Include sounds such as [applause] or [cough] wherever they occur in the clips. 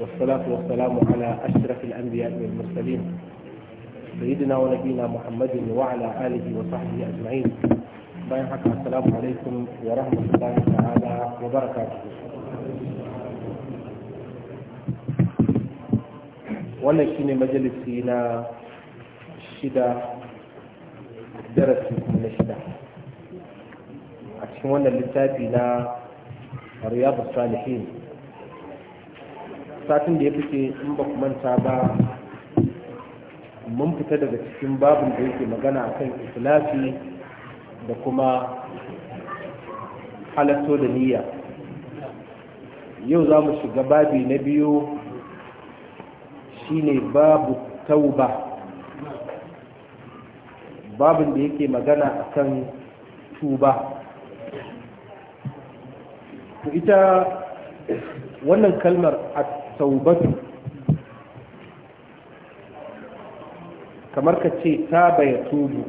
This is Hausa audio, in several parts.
والصلاة والسلام على أشرف الأنبياء والمرسلين سيدنا ونبينا محمد وعلى آله وصحبه أجمعين باين السلام عليكم ورحمة الله تعالى وبركاته ولكن shine الشدة درس من الشدة na shida a a riyadu satin da ya fice in ba manta ba mun fita daga cikin babin da yake magana akan ikhlasi da kuma halatto da niyya yau za mu shiga babi na biyu shine babu tauba babin da yake magana akan tuba ita wannan kalmar a taubatu kamar ka ce ta baya tubu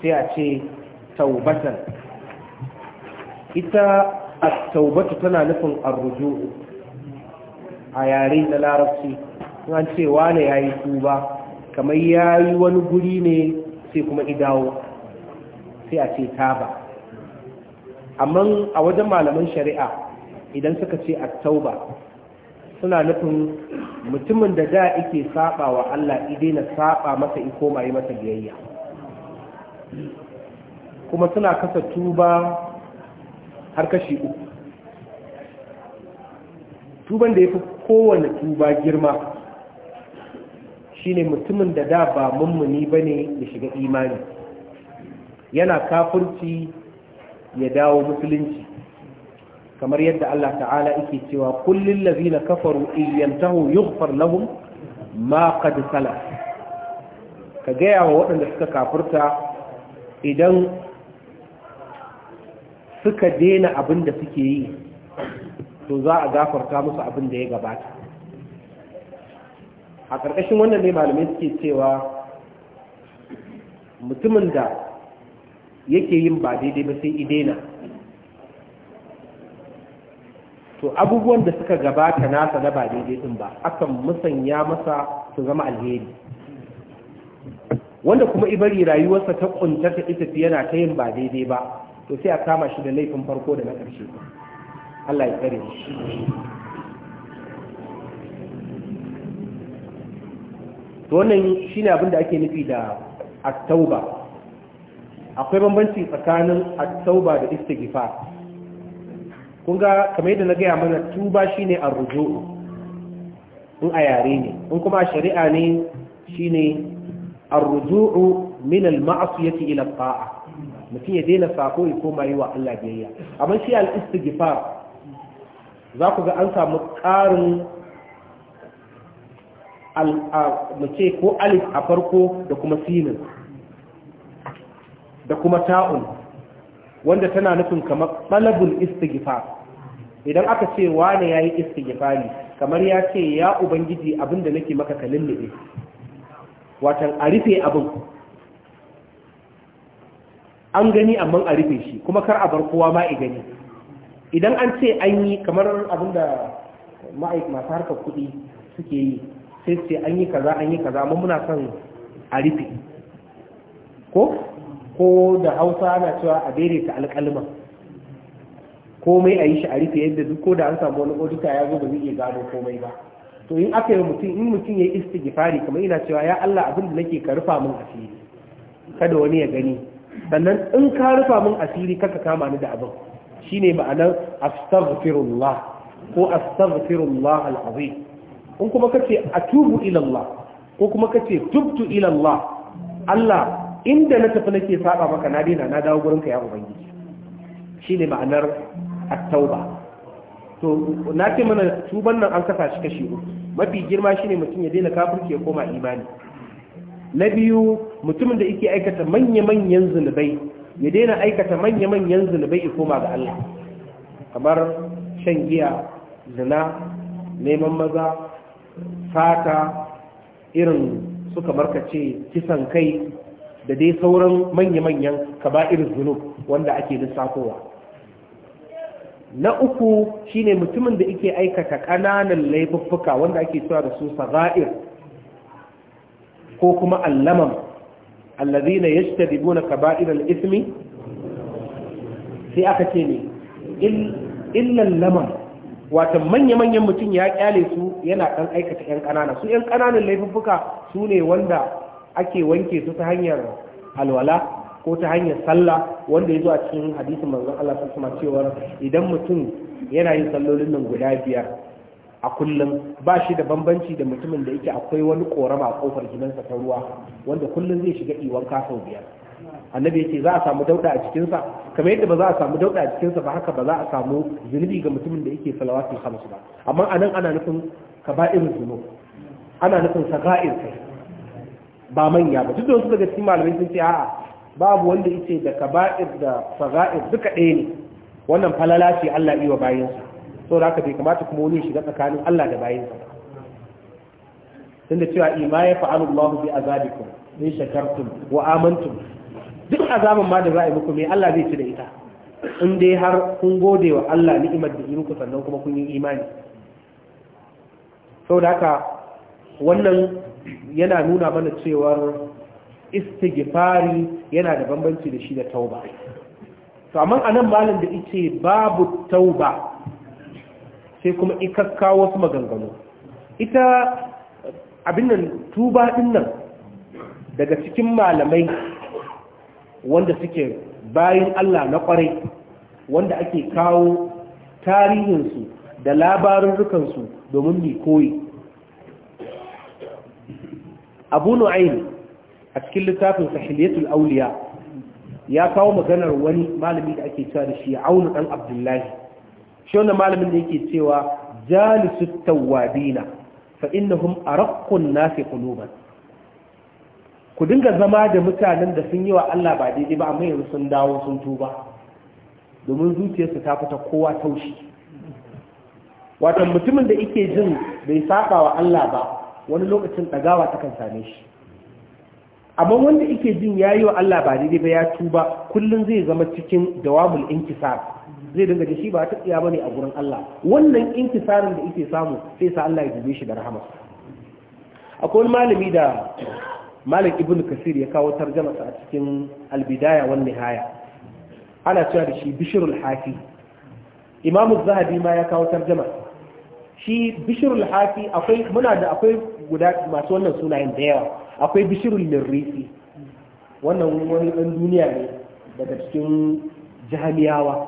sai a ce taubatan ita a taubatu tana nufin arruju a yare na larabci an ce wane ya yi tuba kamar ya yi wani guri ne sai kuma idawo sai a ce taba amma a wajen malaman shari'a idan suka ce attauba tauba suna nufin mutumin da da yake saba wa Allah idai na saba masa in koma yi masa biyayya kuma suna kasa tuba har kashi uku tuban da ya fi kowane tuba girma shine mutumin da da ba mummuni ba ne ya shiga imani yana kafurci ya dawo musulunci kamar yadda Allah ta'ala yake cewa kullun lazina kafaru in yantahu yughfar lahum ma qad salaf ka gaya wa waɗanda suka kafurta idan suka dena abin da suke yi to za a gafarta musu abin da ya gabata a ƙarƙashin wannan ne malamai suke cewa mutumin da yake yin ba daidai ba sai idena to abubuwan da suka gabata nasa na ba daidai din ba akan musanya masa su zama alheri wanda kuma ibari rayuwarsa ta ta ita yana ta yin ba daidai ba to sai a kama shi da laifin farko da na ƙarshe Allah ya tsare shi to wannan shine abin da ake nufi da at-tauba akwai bambanci tsakanin at-tauba da istighfar kun ga kamar yadda na gaya mana tuba shine a ruju in a yare ne in kuma shari'a ne ne a rujuu min al-ma'siyati maasu ila fa'a. mutum ya daina sako ya koma yi wa Allah biyayya amma shi al-istighfar za ku ga an samu ƙarin mu ko alif a farko da kuma sinin da kuma ta'un wanda tana nufin kamar ɓalabul istighfar idan aka ce wane ya yi istighfari kamar ya ce ya ubangiji abin da nake maka ka ne watan a rufe abin an gani amma a rufe shi kuma kar a bar kowa ma gani idan an ce an yi kamar abin da masu harkar kuɗi suke yi sai ce an yi kaza an yi kaza amma muna son a rufe ko ko da hausa ana cewa a daidaita alƙalma komai a yi shi a rufe yadda duk ko da an samu wani odita ya zo ba zai iya gano komai ba to in aka yi mutum in mutum ya yi istighfari kamar ina cewa ya Allah abin da nake ka rufa min asiri kada wani ya gani sannan in ka rufa min asiri kaka kama ni da abin shine ma'anar astaghfirullah ko astaghfirullah alazim in kuma kace atubu ila Allah ko kuma kace tubtu ila Allah Allah inda na tafi nake saba maka na dina na dawo gurinka ya ubangiji ne ma'anar at-tauba to na ce mana tuban nan an kasa shi kashi uku mafi girma shi ne mutum ya daina kafirci ya koma imani na biyu mutumin da yake aikata manya-manyan zunubai ya daina aikata manya-manyan zunubai ya koma ga Allah kamar shan giya zina neman maza fata irin suka kamar ce kisan kai da dai sauran manya-manyan kaba'ir zunub wanda ake lissafowa na uku shine mutumin da ake aikata ƙananan laifuffuka wanda ake cewa da su sagha'ir ko kuma allamam dibu na kaba'ir al'ismi sai aka ce ne illan laman, wata manya-manyan mutum ya kyale su yana ɗan aikata 'yan ƙanana su 'yan ƙananan laifuffuka su ne wanda ake wanke su ta hanyar alwala ko ta hanyar sallah wanda ya zo a cikin hadisin manzon Allah sallallahu kuma cewa idan mutum yana yin sallolin nan guda biyar a kullum ba shi da bambanci da mutumin da yake akwai wani korama a kofar gidansa ta ruwa wanda kullum zai shiga iwan kasau biyar annabi yake za a samu dauda a jikinsa kamar yadda ba za a samu dauda a jikinsa ba haka ba za a samu zunubi ga mutumin da yake salawatul khamsu ba amma anan ana nufin kaba'ir zunub ana nufin saga'ir kai ba manya ba duk da wasu daga cikin malamai sun ce a'a babu wanda yace da kaba'ir da faga'ir duka ɗaya ne wannan falala ce Allah iya bayansa da haka bai kamata kuma wani shiga tsakanin Allah da bayinsa. ba da cewa ima ya fa'alu Allah bi azabikum in shakartum wa amantum duk azaban ma da za a yi muku me Allah zai ci da ita in dai har kun gode wa Allah ni'imar da yi muku sannan kuma kun yi imani saboda haka wannan yana nuna mana cewar istighfari yana da bambanci da shi da tauba to amma anan malam da yace babu tauba sai kuma ikakka wasu maganganu ita abin nan tuba din nan daga cikin malamai wanda suke bayan Allah na kwarai wanda ake kawo tarihinsu da labarin rukansu domin mai koyi abu nu'ayn a cikin littafin sahiliyatul auliya ya kawo maganar wani malami da ake cewa da shi aunu dan abdullahi shi wannan malamin da yake cewa jalisut tawabina fa innahum araqqun nasi quluban ku dinga zama da mutanen da sun yi wa Allah ba daidai ba amma yanzu sun dawo sun tuba domin zuciyarsu ta fita kowa taushi watan mutumin da yake jin bai saba wa Allah ba wani lokacin ɗagawa ta kan same shi amma wanda ike jin ya yi wa Allah ba daidai ba ya tuba kullum zai zama cikin dawamul inkisar zai dinga da shi ba ta tsaya bane a gurin Allah wannan inkisarin da yake samu sai sa Allah ya dube shi da rahama akwai malami da malam ibn kasir ya kawo tarjama a cikin albidaya wan nihaya ana cewa da shi bishrul hafi imam zahabi ma ya kawo tarjama shi bishirul hafi akwai muna da akwai guda masu wannan sunayen da yawa akwai bishirul lirrisi wannan wani ɗan duniya ne daga cikin jahamiyawa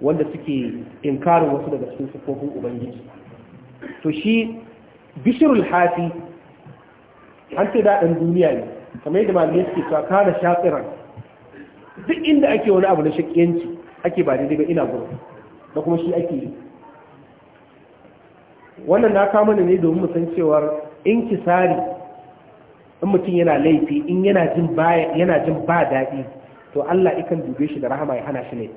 wanda suke inkarin wasu daga cikin sufofin ubangiji to shi bishirul hafi an ce da ɗan duniya ne kamar yadda malamai suke cewa kana shatsiran duk inda ake wani abu na shakiyanci ake ba daidai ba ina gurin da kuma shi ake yi wannan na kama ne domin mu san cewar inkisari in mutum yana laifi in yana jin ba daɗi to Allah ikan dube shi da rahama ya hana shi ne.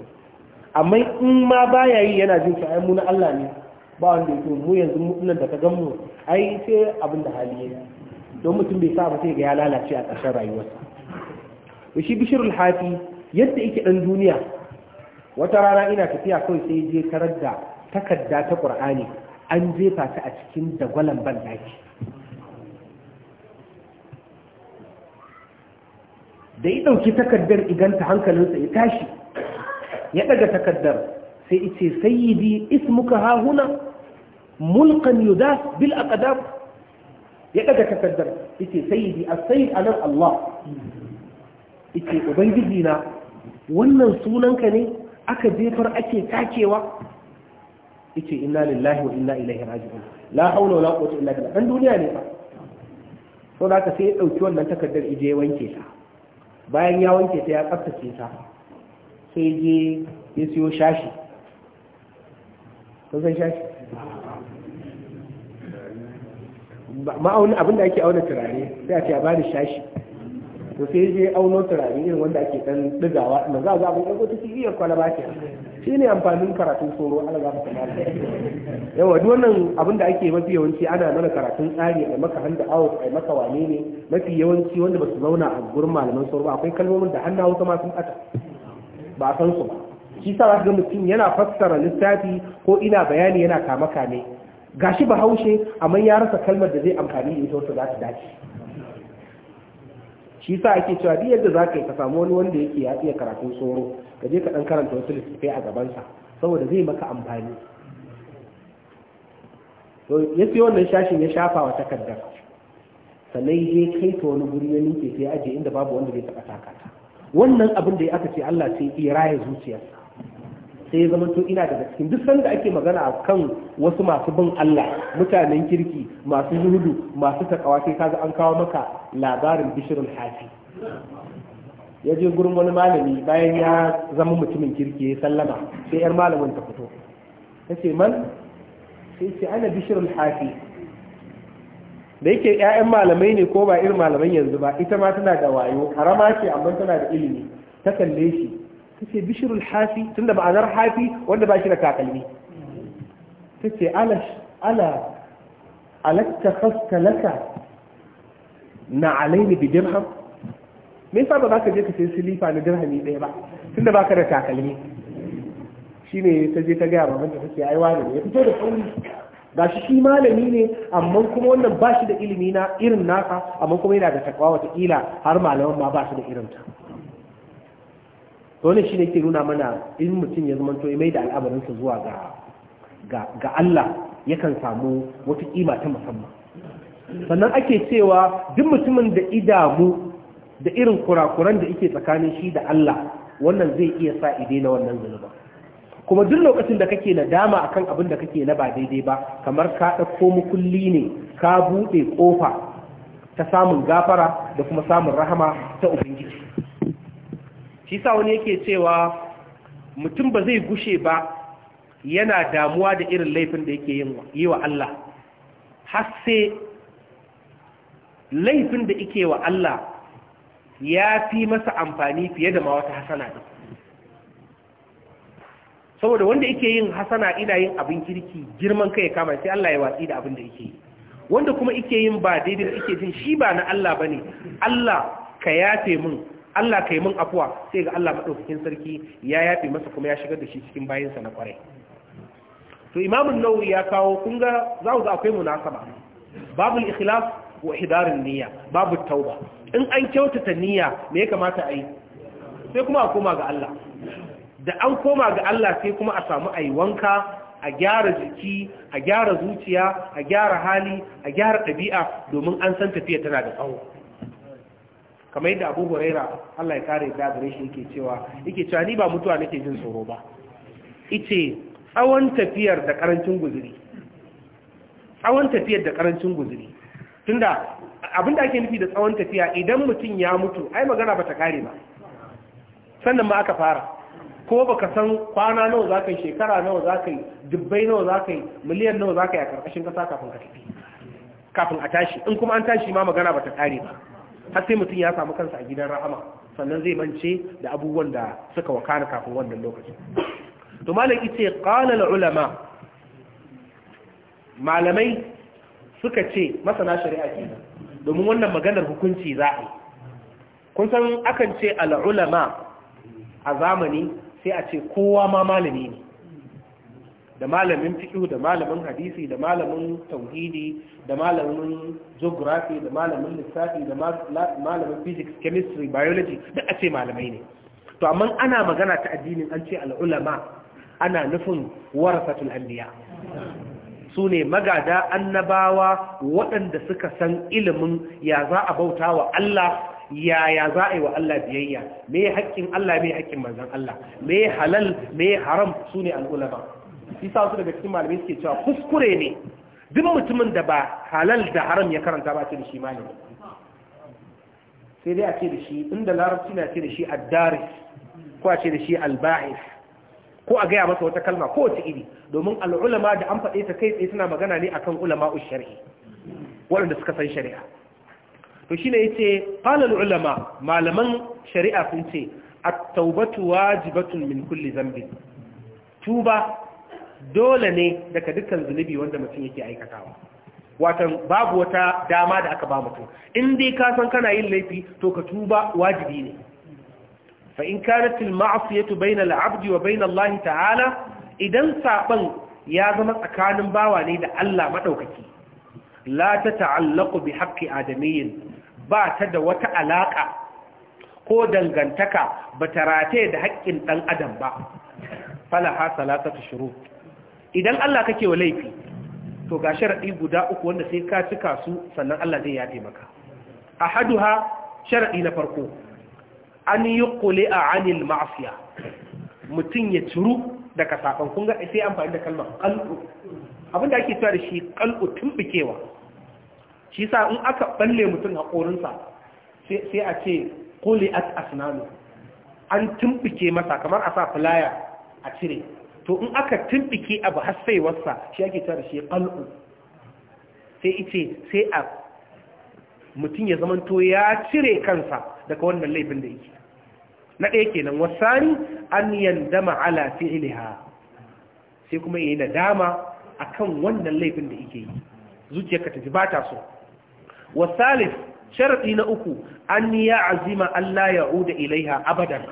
amma in ma baya yi yana jin shi ai na Allah ne ba wanda yake mu yanzu mutunan nan da ta gan mu ai ce abin da hali ne don mutum bai sa ba sai ga ya lalace a ƙarshen rayuwarsa to shi bishirul hafi yadda yake ɗan duniya wata rana ina tafiya kawai sai je karar da takarda ta ƙur'ani. an jefa ta a cikin dagwalon banɗaki. da ya ɗauki takardar iganta hankalinsa ya tashi ya ɗaga takardar sai ice sayyidi ismuka hahuna mulkan yudas bil aqdab ya ɗaga takardar ice sayyidi as-sayyid anan Allah ice ubangiji na wannan sunanka ne aka jefar ake takewa yace inna lillahi wa inna ilaihi raji'un la haula wala quwwata illa billah dan duniya ne fa so da ka sai ya dauki wannan takardar ije ya wanke ta bayan ya wanke ta ya tsaftace ta sai je ya siyo shashi to san shashi ma'auni abinda ake auna turare sai a ce a bani shashi to sai je auno turare irin wanda ake dan digawa na za za abin ɗago ta iya kwalaba ke shi ne amfanin karatun soro ala za ta mara yawa duk wannan abin da ake mafi yawanci ana nuna karatun tsari a maka handa awo a maka wane ne mafi yawanci wanda ba su zauna a gurin malaman soro ba akwai kalmomin da hannu hausa ma sun ata ba a san su ba shi sa za ga mutum yana fassara lissafi ko ina bayani yana kama kame gashi bahaushe amma ya rasa kalmar da zai amfani da ita wacce za ta dace shi sa ake cewa duk yadda zaka ka samu wani wanda yake ya iya karatun tsoro ka je ka dan karanta wasu littattafai a gabansa saboda zai maka amfani to ya siyo wannan shashin ya shafa wa takardar sannan ya kai ta wani guri ya ninke sai aje inda babu wanda zai taɓa taka ta wannan abin da ya aka ce Allah sai ya raya zuciyarsa sai ya zama to ina daga cikin duk sanda ake magana a kan wasu masu bin Allah mutanen kirki masu zuhudu masu takawa sai kaga an kawo maka labarin bishirul hafi ya je gurin wani malami bayan ya zama mutumin kirki ya sallama sai yar malamin ta fito ta ce man sai ce ana bishirul hafi da yake ƴaƴan malamai ne ko ba irin malaman yanzu ba ita ma tana da wayo harama ce amma tana da ilimi ta kalle shi ta ce bishirul hafi tun da ma'anar hafi wanda ba shi da takalmi ta ce ala alatta fasta laka na alaini bi dirham me yasa ba za ka je ka sai silifa na dirhami ɗaya ba tun da ba ka da takalmi shine ta je ta gaya mamanta ta ce ai wani ne ya fito da sauri ga shi shi malami ne amma kuma wannan ba shi da ilimi na irin naka amma kuma yana da takwa wata har malaman ma ba su da irin ta to wannan ne ke nuna mana in mutum ya zamanto ya mai da su zuwa ga ga Allah yakan samu wata kima ta musamman sannan ake cewa duk mutumin da idamu da irin kurakuran da yake tsakanin shi da Allah wannan zai iya sa ide na wannan zunuba kuma duk lokacin da kake nadama akan abin da kake na ba daidai ba kamar ka ɗauko mukulli ne ka buɗe ƙofa ta samun gafara da kuma samun rahama ta ubangiji shi sa wani yake cewa mutum ba zai gushe ba yana damuwa da irin laifin da yake yi wa Allah har laifin da yake wa Allah ya fi masa amfani fiye da ma wata hasana da saboda wanda yake yin hasana ina yin abin kirki girman kai kama sai Allah ya watsi da abin da yake yi wanda kuma yake yin ba daidai da yake jin shi ba na Allah bane Allah ka yafe mun Allah kai mun afuwa sai ga Allah madaukakin sarki ya yafe masa kuma ya shigar da shi cikin bayansa na kwarai to Imam an ya kawo kun ga za ku ga akwai munasaba babu al-ikhlas wa hidarin niyya babu tauba in an kyautata niyya me ya kamata a yi sai kuma a koma ga Allah da an koma ga Allah sai kuma a samu ayi wanka a gyara jiki a gyara zuciya a gyara hali a gyara ɗabi'a domin an san tafiya tana da tsawo kamar yadda abu huraira allah ya kare da gare shi yake cewa yake cewa ni ba mutuwa nake jin tsoro ba ice tsawon tafiyar da karancin guzuri tsawon tafiyar da karancin guzuri tunda abinda ake nufi da tsawon tafiya idan mutum ya mutu ai magana ba ta kare ba sannan ma aka fara ko baka san kwana nawa za ka yi shekara nawa za ka yi dubbai nawa za ka yi miliyan nawa za ka yi a karkashin kasa kafin a tafi kafin a tashi in kuma an tashi ma magana ba ta kare ba har sai mutum ya samu kansa a gidan rahama sannan zai mance da abubuwan da suka wakana kafin wannan lokaci. to malam yace qala ulama malamai suka ce masana shari'a kenan domin wannan maganar hukunci za a yi kun san akan ce al ulama a zamani sai a ce kowa ma malami ne da malamin fiqh da malamin hadisi da malamin tauhidi da malamin geography da malamin lissafi da malamin physics chemistry biology duk a ce malamai ne to amma ana magana ta addinin an ce al'ulama ana nufin warasatul anbiya su ne magada annabawa waɗanda suka san ilimin ya za a bauta wa Allah yaya za a yi wa Allah biyayya me haƙƙin Allah me haƙƙin manzon Allah me halal me haram su ne al'ulama shi sa su daga cikin malamai suke cewa kuskure ne duk mutumin da ba halal da haram ya karanta ba ce da shi malami sai dai a ce da shi inda larabci na ce da shi addaris ko a ce da shi alba'is ko a gaya masa wata kalma ko wata iri domin al'ulama da an faɗe ta kai tsaye suna magana ne akan ulama shari'i waɗanda suka san shari'a to shine yace qala ulama malaman shari'a sun ce at-taubatu wajibatun min kulli dhanbin tuba dole ne daga dukkan zunubi wanda mutum yake aikatawa watan babu wata dama da aka ba mutum in dai ka san kana yin laifi to ka tuba wajibi ne fa in kanat al ma'siyatu bainal abdi wa bainal Allah ta'ala idan saban ya zama tsakanin bawa ne da Allah madaukaki la ta ta'allaqu bi haqqi adamiyyin ba ta da wata alaka ko dangantaka ba ta rataye da haƙƙin ɗan adam ba falaha salatatu shiru. idan Allah kake wa laifi to ga sharaɗi guda uku wanda sai ka cika su sannan Allah zai yafe maka ahaduha sharaɗi na farko an yuqli anil ma'siya mutun ya ciru daga safan kun ga sai amfani da kalmar qalbu abinda ake cewa da shi qalbu tumbikewa shi sa in aka balle mutun hakorinsa sai a ce quli at asnanu an tumbike masa kamar a sa filaya a cire to in aka tumbike abu wasa shi ake tara shi ƙal'u sai ice sai a mutum ya zamanto ya cire kansa daga wannan laifin da yake na ɗaya kenan wasani an yandama ala fi'liha sai kuma da nadama akan wannan laifin da yake yi zuciyarka ta ji ba ta so wasalif sharadi na uku an ya azima Allah ya uda ilaiha abadan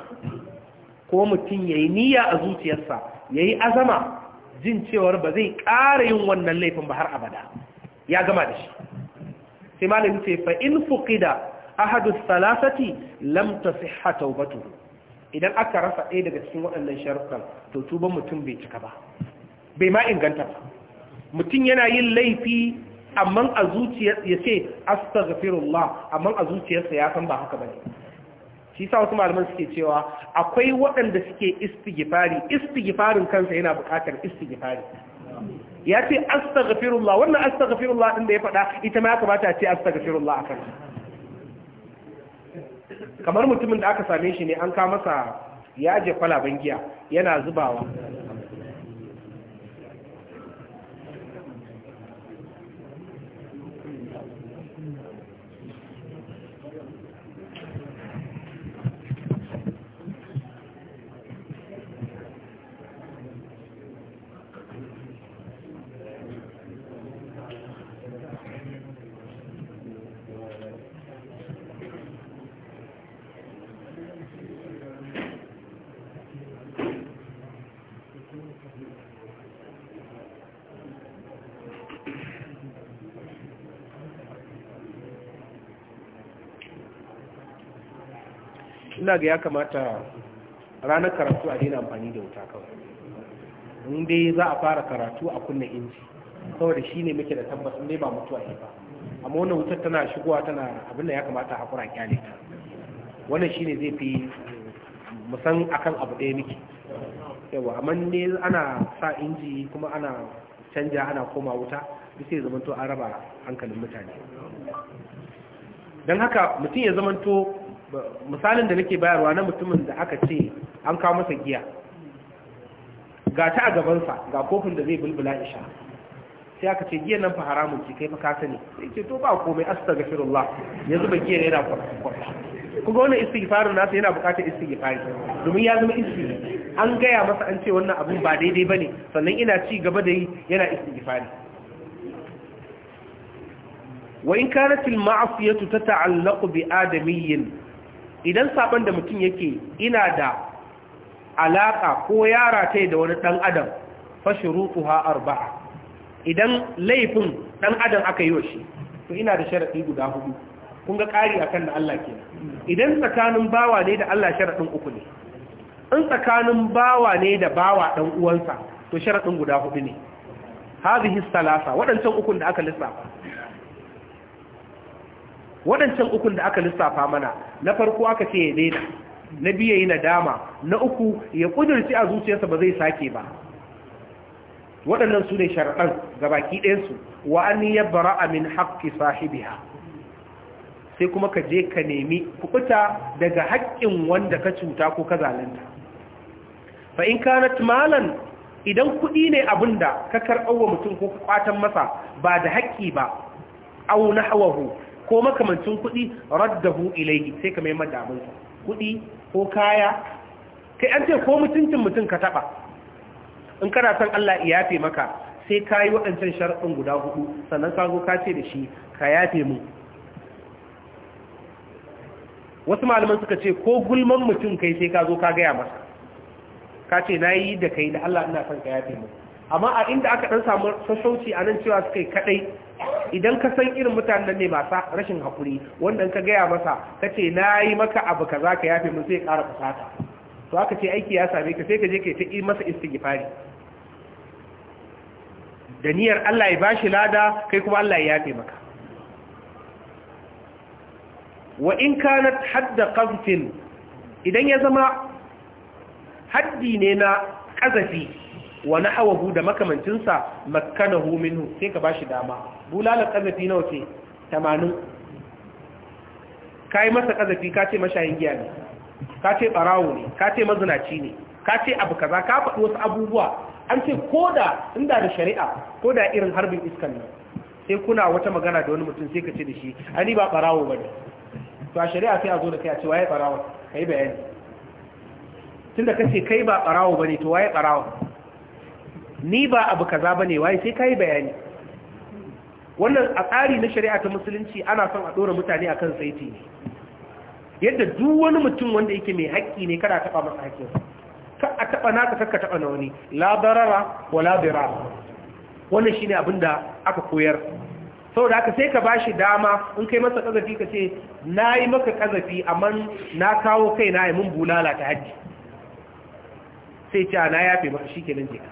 ko mutum yayi niyya a zuciyarsa ya yi azama jin cewar ba zai ƙara yin wannan laifin ba har abada ya gama da shi sai malin ce fa in fuqida ahadu salasati lam tasihha tawbatuhu idan aka rasa ɗaya daga cikin waɗannan sharuɗan to tuban mutum bai cika ba bai ma inganta ba mutum yana yin laifi amma a zuciyarsa ya ce astaghfirullah amma a zuciyarsa ya san ba haka bane shi sa wasu malaman suke cewa akwai waɗanda suke istighfari istighfarin kansa yana buƙatar istighfari ya ce astaghfirullah wannan astaghfirullah din da ya faɗa ita ma ya kamata a ce astaghfirullah akan kamar mutumin da aka same shi ne an ka masa ya je kwalaben giya yana zubawa ina ga ya kamata ranar karatu a daina amfani da wuta kawai in dai za a fara karatu a kunna inji saboda shi ne muke da tabbas ba mutuwa ne ba amma wannan wutar tana shigowa tana abin da ya kamata a hakura kyale ta wannan shi ne zai fi musan akan abu ɗaya muke yawa amma ne ana sa inji kuma ana canja ana koma wuta sai zamanto an raba hankalin mutane don haka mutum ya zamanto misalin da nake bayarwa na mutumin da aka ce an kawo masa giya ga ta a gabansa ga kofin da zai bulbula isha sai aka ce giya nan fa haramun ce kai fa kasa sani sai ce to ba komai astaghfirullah ya zuba giyan yana kwata kuma wannan istighfarin nasa yana bukatar istighfari domin ya zama istighfari an gaya masa an ce wannan abun ba daidai bane sannan ina ci gaba da yi yana istighfari wa in kanat al ma'siyatu tata'allaqu bi adamiyyin idan saban da mutum yake ina da alaka ko yara ta da wani ɗan adam fa shurutuha arba'a idan laifin dan adam aka yi wa shi to ina da sharadi guda hudu kun ga kari akan da Allah ke idan tsakanin bawa ne da Allah sharadin uku ne in tsakanin bawa ne da bawa ɗan uwansa to sharaɗin guda hudu ne hadhihi salasa waɗancan ukun da aka lissafa waɗancan ukun da aka lissafa mana na farko aka ce ya daina na biya yi nadama na uku ya ƙudurci a zuciyarsa ba zai sake ba waɗannan su ne ga gabaki ɗayansu wa an ya bara amin haƙƙi sahibiya sai kuma ka je ka nemi kuɓuta daga haƙƙin wanda ka cuta ko ka zalunta fa in kana malan idan kuɗi ne abin da ka karɓar wa mutum ko ka ƙwatan masa ba da haƙƙi ba au na ko makamancin kuɗi raddahu ilayhi sai ka mai madamin sa kuɗi ko kaya kai an ce ko mutuncin mutum ka taɓa in kana son Allah ya yafe maka sai ka yi waɗancan sharɗin guda hudu sannan ka zo ka ce da shi ka yafe mu wasu malaman suka ce ko gulman mutum kai sai ka zo ka gaya masa ka ce na yi da kai da Allah ina son ka yafe mu amma a inda aka ɗan samu sassauci a nan cewa suka yi kaɗai idan ka san irin mutanen ne masu rashin haƙuri wanda ka gaya masa ka ce na yi maka abu ka za ka yafe mun sai ƙara fusata to aka ce aiki ya same ka sai ka je ka ta yi masa istighfari da niyyar Allah ya bashi lada kai kuma Allah ya yafe maka wa in kanat hadda qazfin idan ya zama haddi ne na ƙazafi wa na'awahu da makamancinsa makkanahu minhu sai ka bashi dama bulala kazafi nawa ce 80 kai masa kazafi ka ce mashayin giya ne ka ce barawo ne ka ce mazinaci ne ka ce abu kaza ka faɗi wasu abubuwa an ce koda inda da shari'a koda irin harbin iskan nan sai kuna wata magana da wani mutum sai ka ce da shi ani ba barawo bane to a shari'a sai a zo da kai a ce waye barawo kai bayani tunda kace kai ba barawo bane to waye barawo ni ba abu kaza bane waye sai kai bayani wannan a tsari na shari'a ta musulunci ana son a dora mutane akan saiti ne yadda duk wani mutum wanda yake mai haƙƙi ne kada a taɓa masa haƙƙinsa ka a taɓa naka kakka taɓa na wani labarara wa dira wannan shi ne abin da aka koyar Saboda haka sai ka ba shi dama in kai masa kazafi ka ce na yi maka kazafi amma na kawo kai na mun bulala ta hajji sai ce na yafe maka shi jika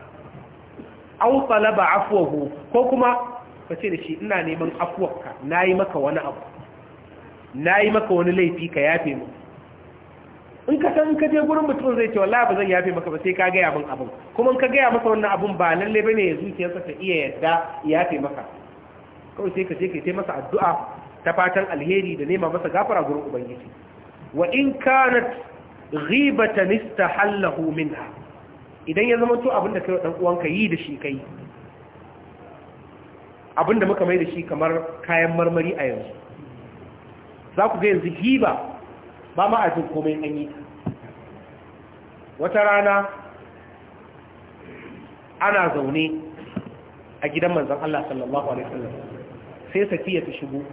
aw talaba afwahu ko kuma ka ce da shi ina neman afwarka nayi maka wani abu nayi maka wani laifi ka yafe mu in ka san ka je gurin mutum zai ce wallahi ba zan yafe maka ba sai ka gaya min abin kuma in ka gaya masa wannan abin ba lalle bane ya zuciyarsa ta iya yadda yafe maka kawai sai ka je ka yi masa addu'a ta fatan alheri da nema masa gafara gurin ubangiji wa in kanat ghibatan istahallahu minha idan ya zama to abinda kai dan uwanka yi da shi kai abinda muka mai da shi kamar kayan marmari a yanzu za ku ga yanzu hiba ba ma a komai an yi wata rana ana zaune a gidan manzan Allah sallallahu alaihi wasallam sai safiya ta shigo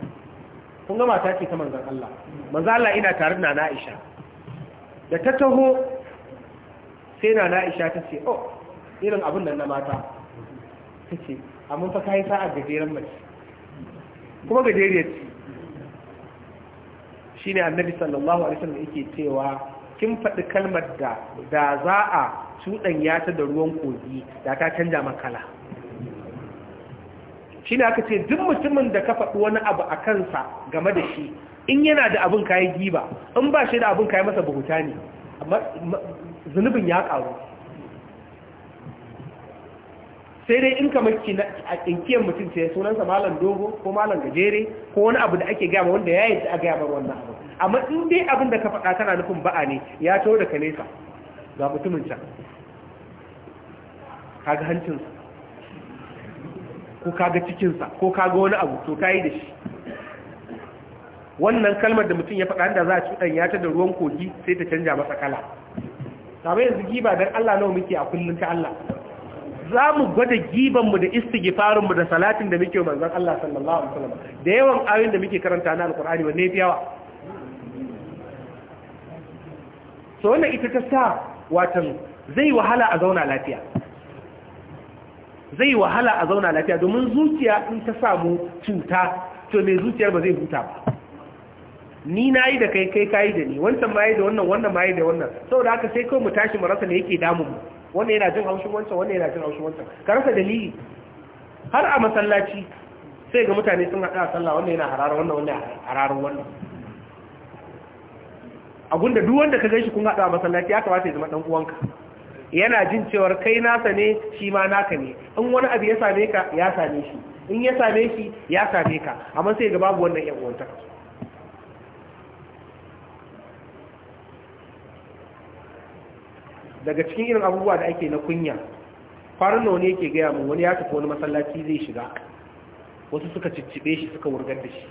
kun ga mata ce ta manzan Allah manzan Allah ina tare da Aisha da ta taho sai na na'isha ta ce oh irin abin nan na mata ta ce amma fa kayi sa'a gajeren mace kuma gajeriyar ce shine annabi sallallahu alaihi wasallam yake cewa kin faɗi kalmar da da za a ya ta da ruwan kogi da ta canja makala shine aka ce duk mutumin da ka faɗi wani abu a kansa game da shi in yana da abin kayi giba in ba shi da abin kayi masa buhuta ne zunubin ya ƙaru sai dai in kamar a tsinkiyar mutum ce sunansa malam dogo ko malam gajere ko wani abu da ake gama wanda ya yi a gama wannan abu amma in dai abin da ka faɗa kana nufin ba'a ne ya to da ka nesa ga mutumin can kaga hancinsa ko kaga cikinsa ko kaga wani abu to ka yi da shi wannan kalmar da mutum ya faɗa da za a cuɗanya ta da ruwan kogi sai ta canja masa kala kamar yanzu giba don Allah nawa muke a kullum ta Allah za mu gwada gibanmu da istighfarinmu da salatin da muke manzon Allah sallallahu alaihi wasallam da yawan ayoyin da muke karanta na alkur'ani wanne yafi yawa so wannan ita ta sa watan zai wahala a zauna lafiya zai wahala a zauna lafiya domin zuciya in ta samu cuta to mai zuciyar ba zai huta ba ni na yi da kai kai kayi da ni wancan ma yi da wannan wannan ma yi da wannan saboda haka sai kawai mu tashi mu rasa ne yake damun mu wannan yana jin haushin wancan wannan yana jin haushin wancan ka rasa dalili har a masallaci sai ga mutane sun haɗa a sallah wannan yana hararar wannan wannan hararar wannan a gunda duk wanda ka gaishe kun haɗa a masallaci ya kamata ya zama ɗan uwanka yana jin cewar kai nasa ne shi ma naka ne in wani abu ya same ka ya same shi in ya same shi ya same ka amma sai ga babu wannan yan uwantaka daga cikin irin abubuwa da ake na kunya farin nawa ne yake gaya mu wani ya tafi wani masallaci zai shiga wasu suka ciccibe shi suka wurgar da shi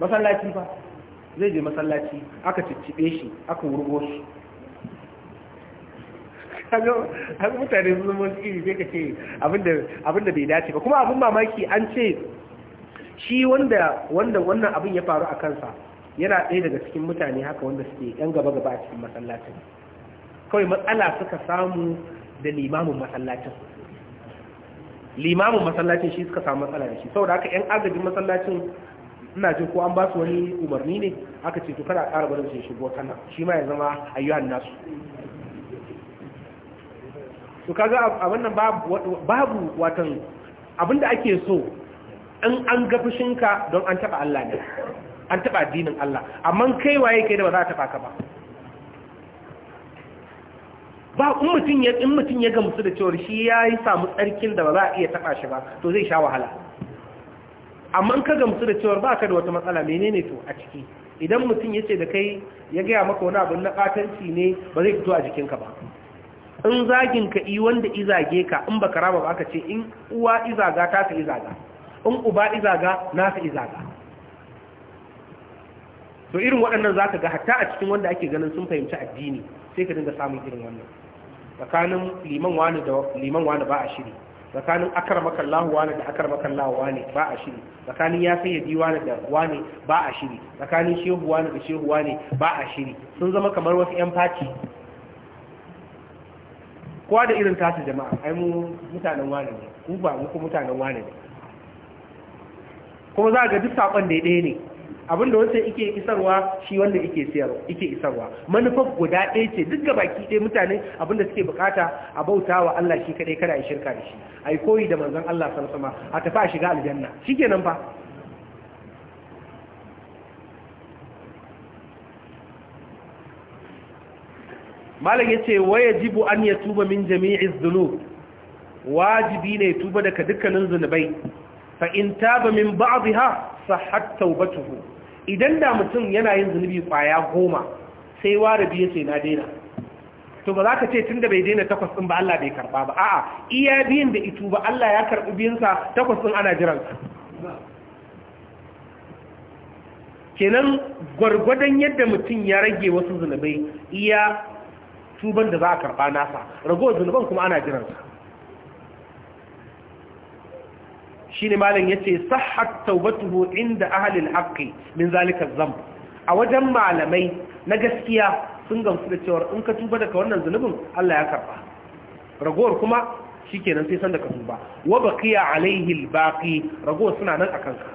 matsalaci ba zai je masallaci aka ciccibe shi aka wurgo shi haka mutane sun zama iri zai ka ce abinda bai dace ba kuma abin mamaki an ce shi wanda wannan abin ya faru a kansa yana ɗaya daga cikin mutane haka wanda suke yan gaba gaba a cikin masallacin kawai matsala suka samu da limamin masallacin limamin masallacin shi suka samu matsala da shi saboda haka yan agajin masallacin ina jin ko an ba su wani umarni ne aka ce to a ƙara barin shi shigo kana shi ma ya zama ayyuan nasu su kaga a wannan babu watan abinda ake so in an ga fushinka don an taba Allah ne an taba addinin Allah amma kai waye kai da ba za ta taba ka ba ba in mutum ya in mutum ya gamsu da cewa shi yayi samu tsarkin da ba za a iya taba shi ba to zai sha wahala amma in ka gamsu da cewa ba ka da wata matsala menene to a ciki idan mutum ya ce da kai ya gaya maka wani abu na katanci ne ba zai fito a jikinka ba in zagin ka yi wanda izage ka in baka raba ba ka ce in uwa izaga ta ta izaga in uba izaga na ta izaga to irin waɗannan za ka ga hatta a cikin wanda ake ganin sun fahimci addini sai ka dinga samun irin wannan tsakanin liman wani da liman wani ba a shiri tsakanin akramaka Allah wani da akramaka Allah wani ba a shiri tsakanin ya sayyidi wani da wani ba a shiri tsakanin shehu wani da shehu wani ba a shiri sun zama kamar wasu yan faci kowa da irin tasu jama'a ai mu mutanen wani ne ku ba mu mutanen wani ne kuma za ga duk sakon da ya ɗaya ne abinda wancan ike isarwa shi wanda ike siyarwa ike isarwa manufar guda ɗaya ce duk baki ɗaya mutane abin da suke bukata a bauta wa Allah shi kadai kada a shirka da shi ai koyi da manzon Allah sallallahu a tafi a shiga aljanna shikenan fa malam yace jibu an yatuba min jami'iz dhunub wajibi ne tuba daga dukkanin zunubai fa in taba min ba'dha sahat taubatuhu idan da mutum yana yin zunubi kwaya goma sai ware biye sai na daina to ba za ka ce tun da bai daina takwas din ba Allah bai karba ba a'a iya biyan da itu ba Allah ya karbi biyansa takwas din ana jiran kenan gwargwadon yadda mutum ya rage wasu zunubai iya tuban da za a karba nasa ragowar zunuban kuma ana jiransa. shine ya ce sahhat taubatuhu inda ahli al-haqqi min zalika adh a wajen malamai na gaskiya sun gamsu da cewa in ka tuba daga wannan zunubin Allah ya karba ragowar kuma shikenan sai san da ka tuba wa baqiya alaihi al ragowar suna nan akan ka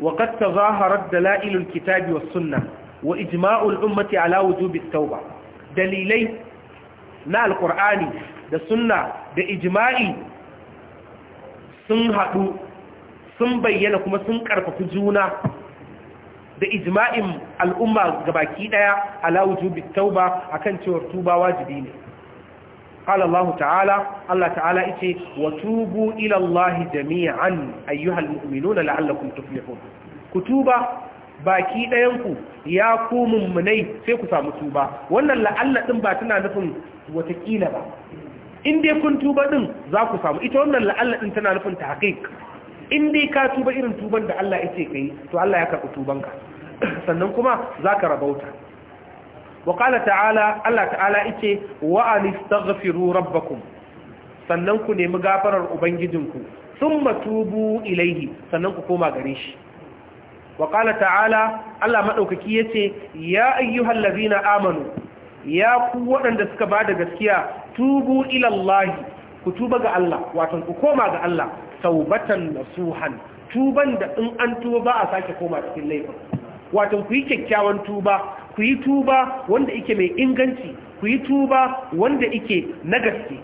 wa qad tazaharat dalail kitabi wa sunnah wa ijma'ul ummati ala wujubi tauba dalilai na Alƙur'ani da sunna da ijma'i sun haɗu sun bayyana kuma sun ƙarfafi juna da ijma'in al'umma gabaki ɗaya ala wujubi tauba kan cewar tuba wajibi ne Ta'ala الله ta'ala الله تعالى ilallahi وتوبوا إلى الله جميعا أيها المؤمنون لعلكم Ku tuba baki ɗayanku ya ku mummunai sai ku samu tuba wannan la'alla ɗin ba tana nufin watakila ba in dai kun tuba din za ku samu ita wannan la'alla din tana nufin ta haƙiƙ in ka tuba irin tuban da Allah ya ce ka yi to Allah ya karɓi tubanka [coughs] sannan kuma za ka rabauta wa ƙala ta'ala Allah ta'ala ice wa an istaghfiru rabbakum sannan ku nemi gafarar ubangijinku thumma tubu ilaihi sannan ku koma gare shi wa ƙala ta'ala Allah maɗaukaki yace ya ayyuhallazina amanu ya ku waɗanda suka ba da gaskiya tubu ilallahi ku tuba ga Allah wato ku koma ga Allah taubatan nasuhan tuban da in an tuba ba a sake koma cikin laifin wato ku yi kyakkyawan tuba ku yi tuba wanda yake mai inganci ku yi tuba wanda yake na gaske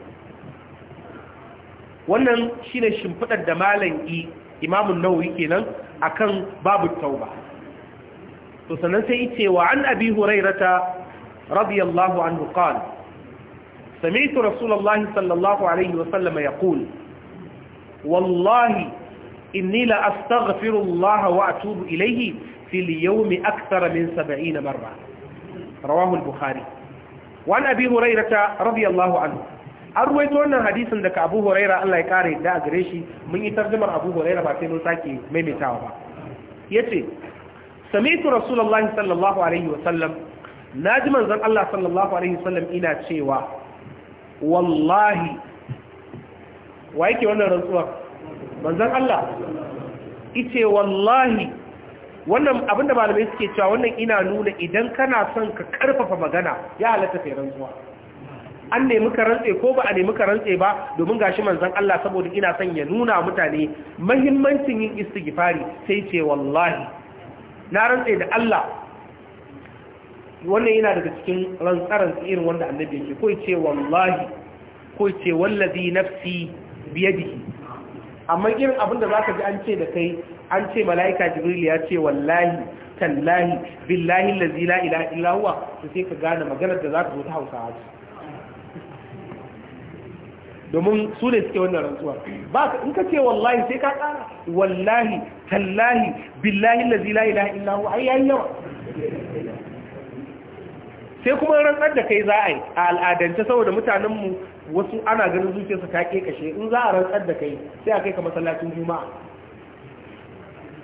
wannan shine shimfidar da malam yi imamun nawawi kenan akan babu tauba to sannan sai yace wa an abi hurairata رضي الله عنه قال سمعت رسول الله صلى الله عليه وسلم يقول والله إني لأستغفر الله وأتوب إليه في اليوم أكثر من سبعين مرة رواه البخاري وعن أبي هريرة رضي الله عنه an ruwaito wannan hadisin daga abu huraira Allah ya kare da a gare shi mun yi tarjumar abu huraira ba sai mun sake ba yace sami'tu rasulullahi sallallahu alaihi wa sallam na ji manzon Allah sallallahu alaihi wasallam ina cewa wallahi wa yake wannan rantsuwar manzon Allah ice wallahi wannan abinda malamai suke cewa wannan ina nuna idan kana son ka karfafa magana ya halatta sai rantsuwa an nemi ka rantse ko ba a nemi ka rantse ba domin ga shi manzon Allah saboda ina son ya nuna mutane mahimmancin yin istighfari sai ce wallahi na rantse da Allah wannan yana daga cikin rantsaran irin wanda annabi yake ko ce wallahi ko ce wallazi nafsi biyadihi amma irin abin da zaka ji an ce da kai an ce malaika jibril ya ce wallahi tallahi billahi allazi la ilaha illa huwa to sai ka gane maganar da za zo ta Hausawa domin su ne suke wannan rantsuwa ba in ka ce wallahi sai ka kara wallahi tallahi billahi allazi la ilaha illa huwa ai yayi yawa sai kuma rantsar da kai za a yi a al'adance saboda mutanenmu wasu ana ganin zuciyarsu ta ke kashe in za a rantsar da kai sai a kai ka masallacin juma'a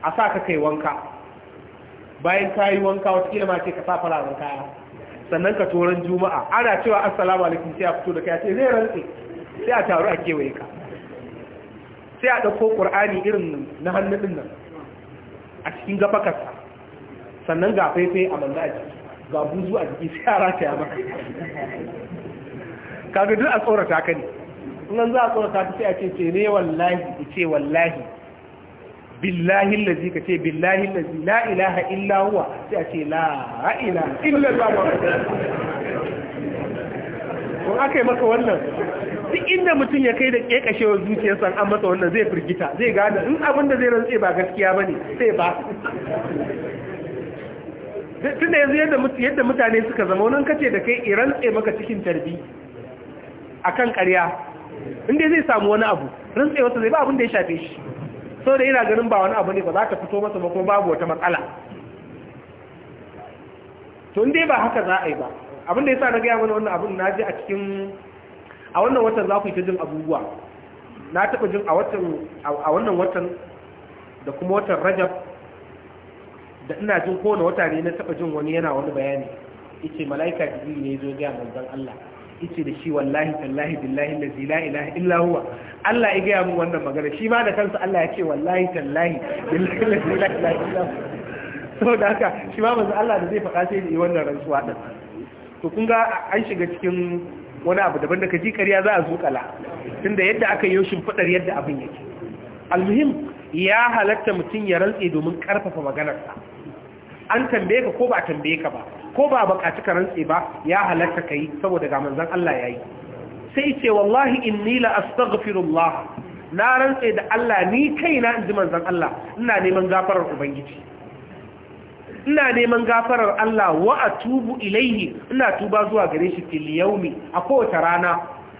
a sa ka kai wanka bayan ka yi wanka kila ma ce ka sa fararen kaya sannan ka toron juma'a ana cewa assalamu alaikum sai a fito da kai sai zai rantse sai a taru a kewaye ka sai a ɗauko ƙur'ani irin na hannun nan a cikin gafakarsa sannan ga faifai a manzo a ga buzu a jiki sai a rataya maka kaga duk a tsorata ka ne nan za a tsorata ta sai a ce ce ne wallahi ce wallahi billahi lazi ka ce billahi lazi la ilaha illa huwa sai a ce la ilaha illa Allah ko aka yi maka wannan duk inda mutum ya kai da kekashewa san an masa wannan zai firgita zai gane in abin da zai rantse ba gaskiya bane sai ba tun da yanzu yadda mutane suka zama wani kace da kai iran tsaye maka cikin tarbi a kan karya inda zai samu wani abu rantse wata zai ba abin da ya shafe shi so da yana ganin ba wani abu ne ba za ka fito masa ba ko babu wata matsala to inda ba haka za a yi ba abin da ya sa na gaya mana wannan abin na ji a cikin a wannan watan za ku yi ta jin abubuwa na taɓa jin a wannan watan da kuma watan rajab da ina jin kowane wata ne na taba jin wani yana wani bayani Ice malaika jibril ne zo gaya manzon Allah Ice da shi wallahi tallahi billahi allazi la ilaha illa huwa Allah ya gaya mu wannan magana shi ma da kansa Allah ya ce wallahi tallahi billahi allazi la ilaha illa huwa saboda haka shi ma manzon Allah da zai faɗa sai da wannan rantsuwa din to kun ga an shiga cikin wani abu daban da ka ji ƙarya za a zukala tunda yadda aka yi shin fadar yadda abin yake almuhim ya halatta mutum ya rantse domin karfafa maganarsa an tambaye ka ko ba a tambaye ka ba ko ba a bukaci ka rantse ba ya halatta ka saboda ga manzan Allah yayi sai ce wallahi inni la astaghfirullah na rantse da Allah ni kaina in ji manzan Allah ina neman gafarar ubangiji ina neman gafarar Allah wa atubu ilaihi ina tuba zuwa gare shi fil yaumi a kowace rana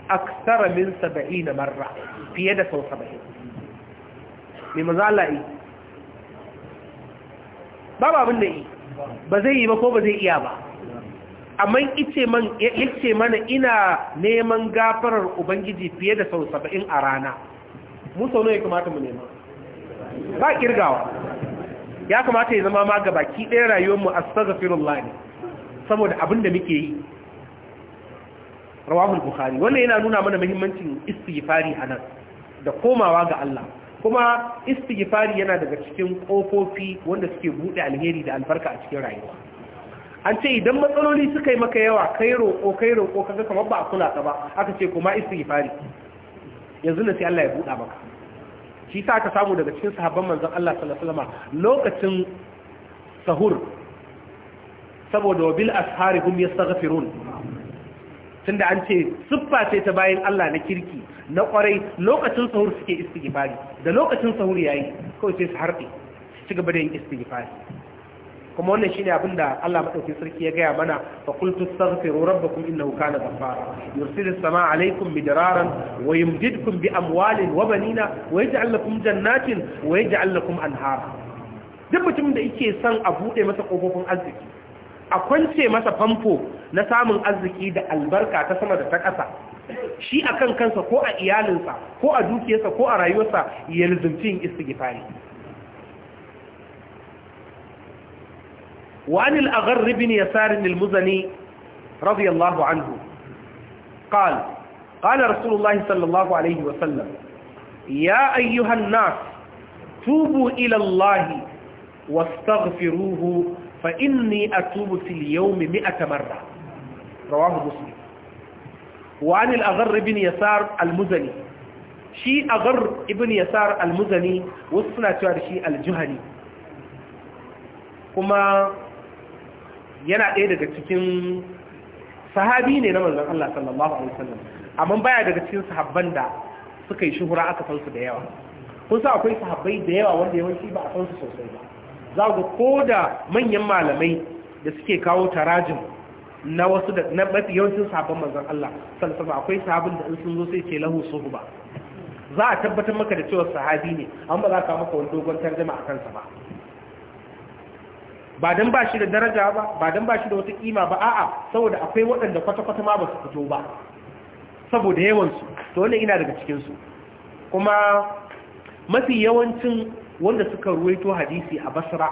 aksara min 70 marra fiye da sau 70 me maza Allah yi babu abin da yi ba zai yi ba ko ba zai iya ba amma ce mana ina neman gafarar ubangiji fiye da sau saba'in a rana Musa, wani ya kamata mu nema ba kirgawa ya kamata ya zama ma ki ɗaya rayuwarmu a sazafirullah ne saboda abin da muke yi rawahul bukhari wannan yana nuna mana muhimmancin a nan, da komawa ga Allah kuma istighfari yana daga cikin kofofi wanda suke bude alheri da albarka a cikin rayuwa an ce idan matsaloli suka yi maka yawa kai roƙo kai roƙo kaga kamar ba a kula ta ba aka ce kuma istighfari yanzu na sai Allah ya buɗe maka shi sa aka samu daga cikin sahabban manzon Allah sallallahu alaihi wasallam lokacin sahur saboda wabil ashari hum yastaghfirun tunda an ce siffa ce ta bayan Allah na kirki na kwarai lokacin sahur suke istighfari da lokacin sahur yayi kawai sai su harbe su ci gaba da yin istighfar kuma wannan shine abin da Allah madaukakin sarki ya gaya mana fa qultu astaghfiru rabbakum innahu kana ghaffara yursilu samaa alaykum midraran wa yumdidukum bi amwalin wa banina wa yaj'al lakum jannatin wa yaj'al lakum anhara duk mutum da yake son a bude masa kofofin arziki a kwance masa famfo na samun arziki da albarka ta sama da ta ƙasa shi akan kansa ko a iyalinsa ko a dukiyarsa ko a rayuwarsa yalzumci yin istigifari wani al'agar ribin ya tsarin ilmuzani radiyallahu anhu قال قال رسول الله صلى الله عليه وسلم يا أيها الناس توبوا إلى الله واستغفروه فإني أتوب في اليوم مئة مرة رواه مسلم wa anil aghar ibn yasar al shi aghar ibn yasar al-muzani wasu suna cewa da shi aljihari, kuma yana ɗaya daga cikin sahabi ne na manzon Allah sallallahu alaihi wasallam amma baya daga cikin sahabban da suka yi shuhura aka san su da yawa kun sa akwai sahabbai da yawa wanda yawanci ba a san su sosai ba za ku ko da manyan malamai da suke kawo tarajin na wasu da na mafi yawancin sabon manzon Allah sallallahu akwai sabon da in sun zo sai ce lahu suhba za a tabbatar maka da cewa sahabi ne an ba za ka maka wani dogon tarjuma a kansa ba ba dan ba shi da daraja ba ba dan ba shi da wata kima ba a'a saboda akwai waɗanda kwata-kwata ma ba su fito ba saboda yawan su to wannan ina daga cikin su kuma mafi yawancin wanda suka ruwaito hadisi a Basra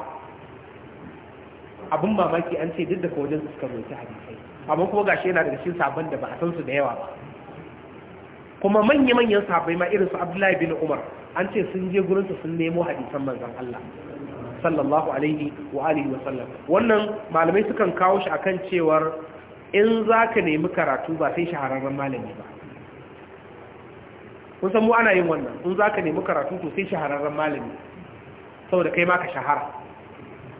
abin mamaki an ce duk ka wajen su suka roƙi hadisai amma kuma shi yana daga cikin sabon da ba a san su da yawa ba kuma manya-manyan sabai ma irin su Abdullahi bin Umar an ce sun je gurin su sun nemo hadisan manzon Allah sallallahu alaihi wa alihi wa sallam wannan malamai sukan kawo shi akan cewar in zaka nemi karatu ba sai shahararren malami ba kun san mu ana yin wannan in zaka nemi karatu to sai shahararren malami saboda kai ma ka shahara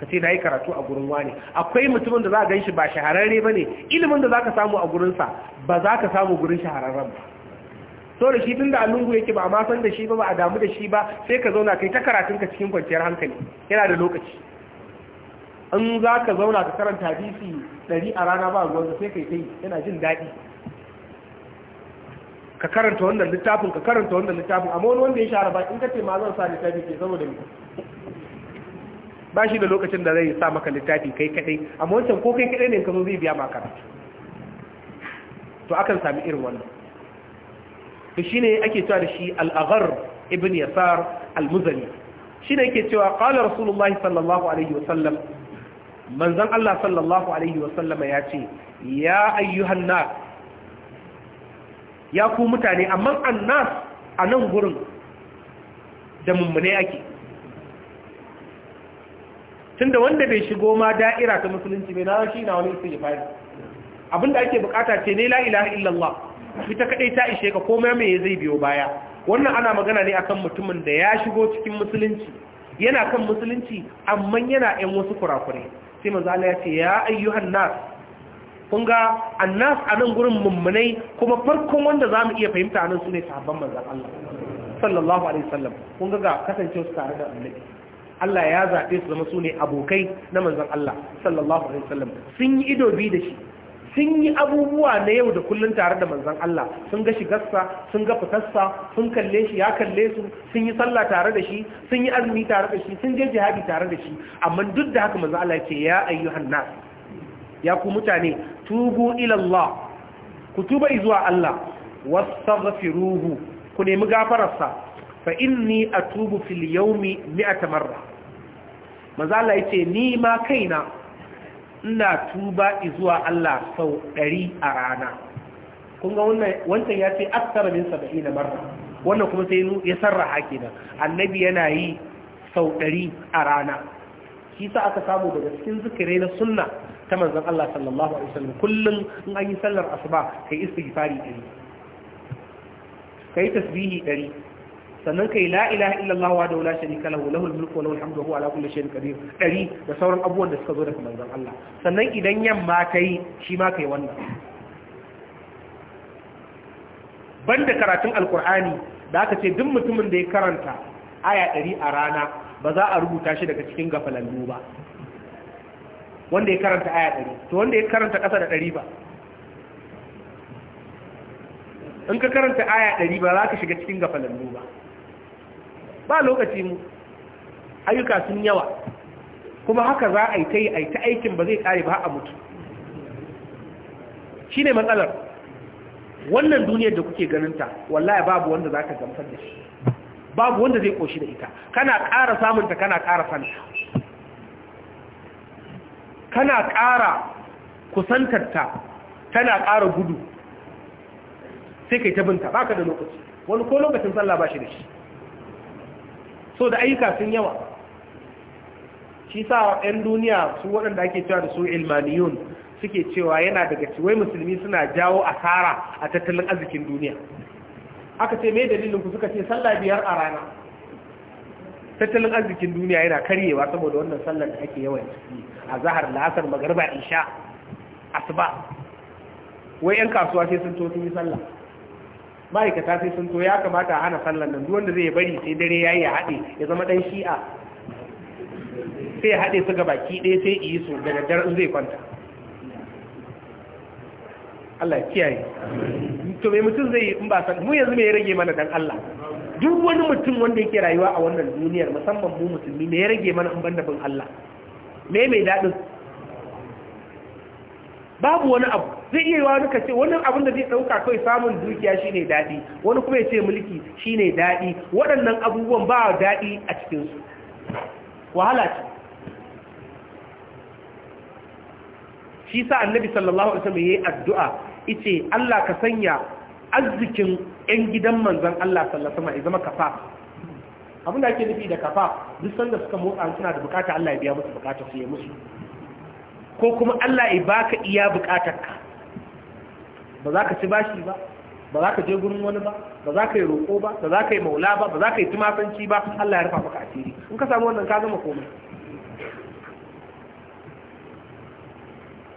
ka ce na yi karatu a gurin wani akwai mutumin da za a gan shi ba shahararre ba ne ilimin da za ka samu a gurinsa ba za ka samu gurin shahararren ba so da shi tun da alungu yake ba a san da shi ba ba a damu da shi ba sai ka zauna kai ta karatun ka cikin kwanciyar hankali yana da lokaci in za ka zauna ka karanta hadisi dari a rana ba ruwan sai kai kai yana jin daɗi ka karanta wannan littafin ka karanta wannan littafin amma wani wanda ya shahara ba in ka ce ma zan sa littafi ke zama da ni ba shi da lokacin da zai sa maka littafi kai kadai amma wancan ko kai kadai ne ka zo zai biya maka to akan sami irin wannan to shine ake cewa da shi al-aghar ibn yasar al-muzani shine yake cewa qala rasulullah sallallahu alaihi wa wasallam manzon Allah sallallahu alaihi wa sallama ya ce ya ayyuhan nas ya ku mutane amma annas a nan gurin da mummune ake tunda wanda bai shigo ma da'ira ta musulunci bai na shi na wani Abin abinda ake bukata ce ne la ilaha illallah ita kadai ta ishe ka komai ya zai biyo baya wannan ana magana ne akan mutumin da ya shigo cikin musulunci yana kan musulunci amma yana yan wasu kurakure sai manzo ya ce ya ayyuhan nas kun ga annas a nan gurin mummunai kuma farkon wanda zamu iya fahimta nan sune sahabban manzon Allah sallallahu alaihi wasallam kun ga kasancewa tare da annabi Allah ya zaɓe su zama su ne abokai na manzon Allah sallallahu alaihi wasallam sun yi ido bi da shi sun yi abubuwa na yau da kullun tare da manzon Allah sun ga shigarsa sun ga fitarsa sun kalle shi ya kalle su sun yi sallah tare da shi sun yi azumi tare da shi sun je jihadi tare da shi amma duk da haka manzon Allah ya ce ya ayyuhan nas ya ku mutane tubu ila Allah ku tuba zuwa Allah wastaghfiruhu ku nemi gafararsa fa inni atubu fil yawmi mi'ata marra Maza Allah yace ni ma kaina ina tuba zuwa Allah sau 100 a rana kun ga wannan wancan yace aktsara min 70 marra wannan kuma sai ya sarraha kenan annabi yana yi sau 100 a rana shi sa aka samu daga cikin zikire na sunna ta manzon Allah sallallahu alaihi wasallam kullum in an yi sallar asuba kai istighfari 100 kai tasbihi 100 sannan kai la ilaha illallah wa da la sharika lahu lahul mulku wa lahul hamdu wa huwa ala kulli shay'in qadir dari da sauran abubuwan da suka zo daga manzon Allah sannan idan yamma kai shi ma kai wannan banda karatun alqur'ani da aka ce duk mutumin da ya karanta aya 100 a rana ba za a rubuta shi daga cikin gafalallu ba wanda ya karanta aya 100 to wanda ya karanta kasa da 100 ba in ka karanta aya ɗari ba za ka shiga cikin gafalallu ba ba lokaci mu ayyuka sun yawa kuma haka za a yi ta yi a yi ta aikin ba zai kare ba a mutu shi ne matsalar wannan duniyar da kuke ganinta wallahi babu wanda za ka gamsar da shi babu wanda zai koshi da ita kana ƙara samunta kana ƙara santa kana ƙara kusantarta tana ƙara gudu sai kai ta binta ka da lokaci wani ko lokacin sallah ba shi da shi so da ayyuka sun yawa shi sa 'yan duniya su waɗanda ake cewa da su ilmaniyun suke cewa yana daga ciwai musulmi suna jawo asara a tattalin arzikin duniya aka ce mai dalilin ku suka ce sallah biyar a rana tattalin arzikin duniya yana karyewa saboda wannan sallar da ake yawan ciki a zahar la'asar magarba isha asuba wai 'yan kasuwa sai sun to sun yi sallah ma'aikata sai sun to ya kamata a hana sallan nan wanda zai bari sai dare yayi ya haɗe ya zama ɗan shi'a sai ya haɗe su ga baki ɗaya sai iya su daga daren zai kwanta Allah kiyaye to mai mutum zai in ba san mu yanzu me ya rage mana dan Allah duk wani mutum wanda yake rayuwa a wannan duniyar musamman mu musulmi me ya rage mana in banda bin Allah me mai dadin babu wani abu zai iya yiwa duka ce wani abin da zai ɗauka kai samun dukiya shine daɗi, wani kuma ya ce mulki shine daɗi, waɗannan abubuwan ba daɗi a cikinsu, wahala ce shi sa annabi sallallahu alaihi wasallam yayi addu'a yace Allah ka sanya arzikin ƴan gidan manzon Allah sallallahu alaihi wasallam ya zama kafa abin da ake nufi da kafa duk sanda suka motsa suna da Allah ya biya musu bukatar su ya musu ko kuma Allah ya baka iya bukatarka ba za ka ci bashi ba ba za ka je gurin wani ba ba za ka yi roƙo ba ba za ka yi maula ba ba za ka yi tumasanci ba Allah ya rufa maka asiri in ka samu wannan ka gama komai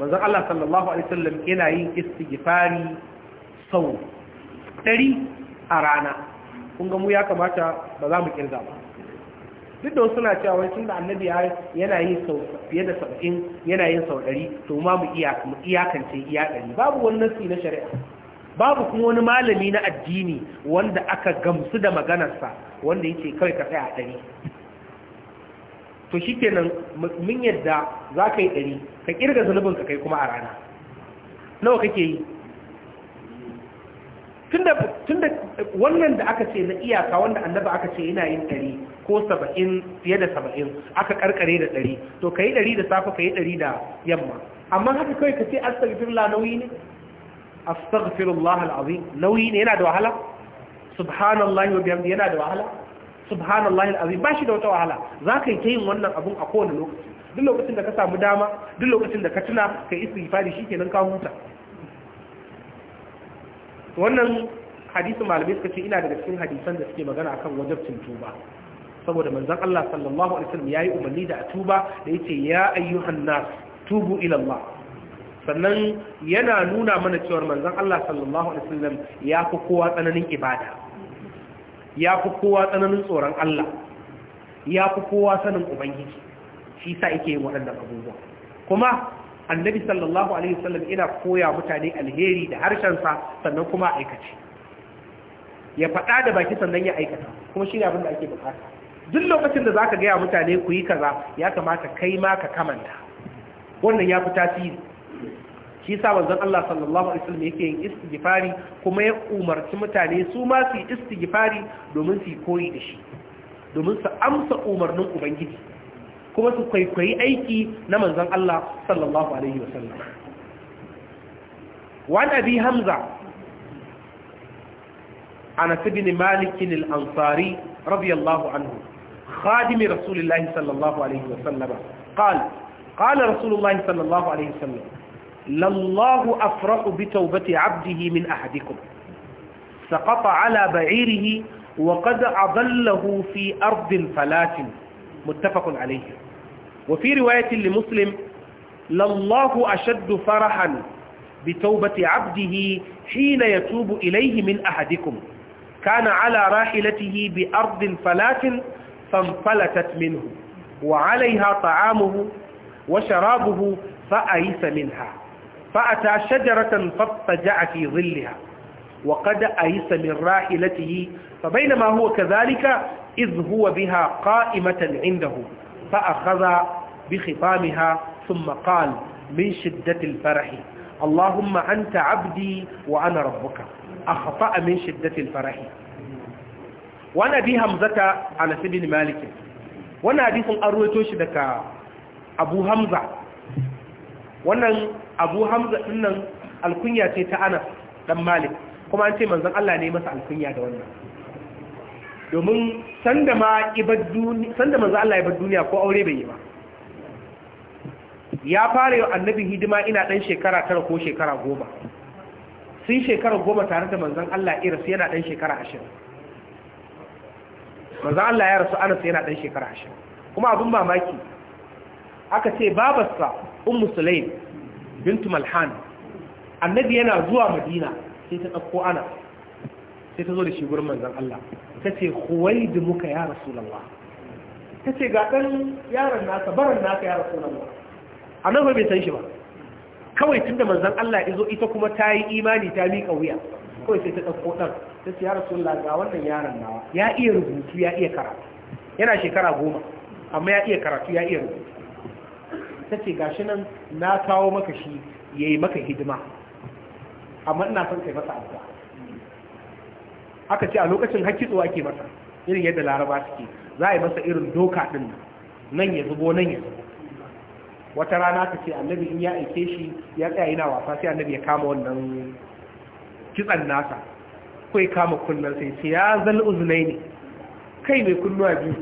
manzon Allah sallallahu alaihi wasallam yana yin istighfari sau 100 a rana kun ga mu ya kamata ba za mu kirga ba duk da suna cewa wai tunda annabi yana yin sau fiye da saba'in yana yin sau ɗari to ma mu iya mu iyakance iya ɗari babu wani nasi na shari'a babu kuma wani malami na addini wanda aka gamsu da maganarsa wanda yake kawai ka tsaya a ɗari to shikenan mun yadda za ka yi ɗari ka ƙirga zunubinka kai kuma a rana nawa kake yi tunda wannan da aka ce na iyaka wanda annaba aka ce yana yin ɗari ko saba'in fiye da saba'in aka karkare da ɗari to ka yi ɗari da safe ka yi ɗari da yamma amma haka kawai ka ce astaghfirullah nauyi ne astaghfirullah al'azim nauyi ne yana da wahala subhanallahi wa bihamdi yana da wahala subhanallahi al'azim ba shi da wata wahala za ka yi ta yin wannan abun a kowane lokaci duk lokacin da ka samu dama duk lokacin da ka tuna ka yi istighfari shikenan ka huta wannan hadisin malamai suka ce ina daga cikin hadisan da suke magana akan wajabcin tuba saboda manzon Allah sallallahu alaihi wasallam yayi umarni da tuba da yace ya ayyuhan nas tubu ila Allah sannan yana nuna mana cewa manzon Allah sallallahu alaihi wasallam ya fi kowa tsananin ibada ya fi kowa tsananin tsoron Allah ya fi kowa sanin ubangiji shi sa yake yin waɗannan abubuwa kuma annabi sallallahu alaihi wasallam ina koya mutane alheri da harshensa sannan kuma aikace ya faɗa da baki sannan ya aikata kuma shi ne abin da ake bukata duk lokacin da zaka gaya mutane ku yi kaza ya kamata kai ma ka kamanta wannan ya fi tasiri shi sa manzon Allah sallallahu alaihi wasallam yake yin istighfari kuma ya umarci mutane su ma su yi istighfari domin su koyi da shi domin su amsa umarnin ubangiji kuma su kwaikwayi aiki na manzon Allah sallallahu alaihi wasallam وعن أبي همزة أنس بن مالك الأنصاري رضي الله عنه خادم رسول الله صلى الله عليه وسلم قال قال رسول الله صلى الله عليه وسلم لله أفرح بتوبة عبده من أحدكم سقط على بعيره وقد أضله في أرض فلات متفق عليه وفي رواية لمسلم لله أشد فرحا بتوبة عبده حين يتوب إليه من أحدكم كان على راحلته بأرض فلات فانفلتت منه وعليها طعامه وشرابه فأيس منها فأتى شجرة فاضطجع في ظلها وقد أيس من راحلته فبينما هو كذلك إذ هو بها قائمة عنده فأخذ بخطامها ثم قال من شدة الفرح اللهم أنت عبدي وأنا ربك أخطأ من شدة الفرح وأنا أبي همزة على سبيل مالك وأنا حديث أرويتوش دك أبو همزة وأنا أبو همزة إنن الكنية تتأنا دم مالك كما أنت منزل الله نيمس الكنية دوانا domin sanda ma sanda manzo Allah ya bar duniya ko aure bai yi ba ya fara yau annabi hidima ina dan shekara tara ko shekara goma sun shekara goma tare da manzon Allah iris yana dan shekara ashirin manzon Allah ya rasu anas yana dan shekara ashirin kuma abin mamaki aka ce babarsa ummu sulaim bintu malhan annabi yana zuwa madina sai ta ɗauko anas sai ta zo da shi gurin manzon Allah ta ce da muka ya rasulullah ta ce ga ɗan yaron naka baran naka ya rasulullah annabi bai san shi ba kawai tunda manzon Allah ya zo ita kuma ta yi imani ta miƙa wuya kawai sai ta ɗauko ɗan ta ce ya rasulullah ga wannan yaron nawa ya iya rubutu ya iya karatu yana shekara goma amma ya iya karatu ya iya rubutu ta ce ga shi nan na kawo maka shi ya yi maka hidima amma ina son kai masa addu'a aka ce a lokacin hakitso ake masa irin yadda laraba suke za a yi masa irin doka din nan ya zubo nan ya zubo wata rana ka ce annabi in ya aike shi ya tsaya yana wasa sai annabi ya kama wannan kitsan nasa kai kama kunnan sai ce ya zal uznai ne kai mai kunnuwa biyu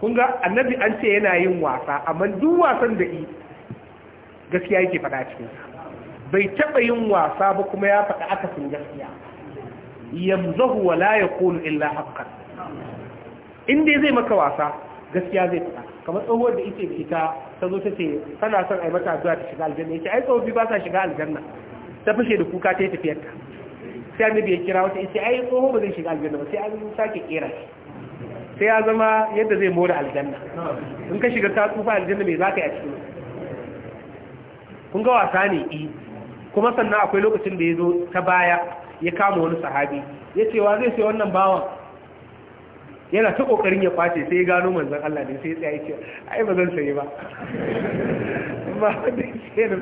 kun ga annabi an ce yana yin wasa amma duk wasan da yi gaskiya yake faɗa cikin bai taɓa yin wasa ba kuma ya faɗa akasin gaskiya yamzahu wa la yaqulu illa haqqan in dai zai maka wasa gaskiya zai fada kamar tsohuwar da ita fita ta zo ta ce tana son ai mata zuwa ta shiga aljanna yace ai tsofi ba sa shiga aljanna ta fashe da kuka ta yi tafiyar ta sai annabi ya kira wata yace ai tsoho ba zai shiga aljanna ba sai an sake kera sai ya zama yadda zai more aljanna in ka shiga ta tsufa aljanna me za ka yi a cikin kun ga wasa ne i eh. kuma sannan akwai lokacin da ya zo ta baya ya kama wani sahabi ya ce wa zai sai wannan bawan yana ta kokarin ya kwace sai ya gano manzan Allah ne sai ya tsaye ce ai ba zan sayi ba [laughs] ba sai ya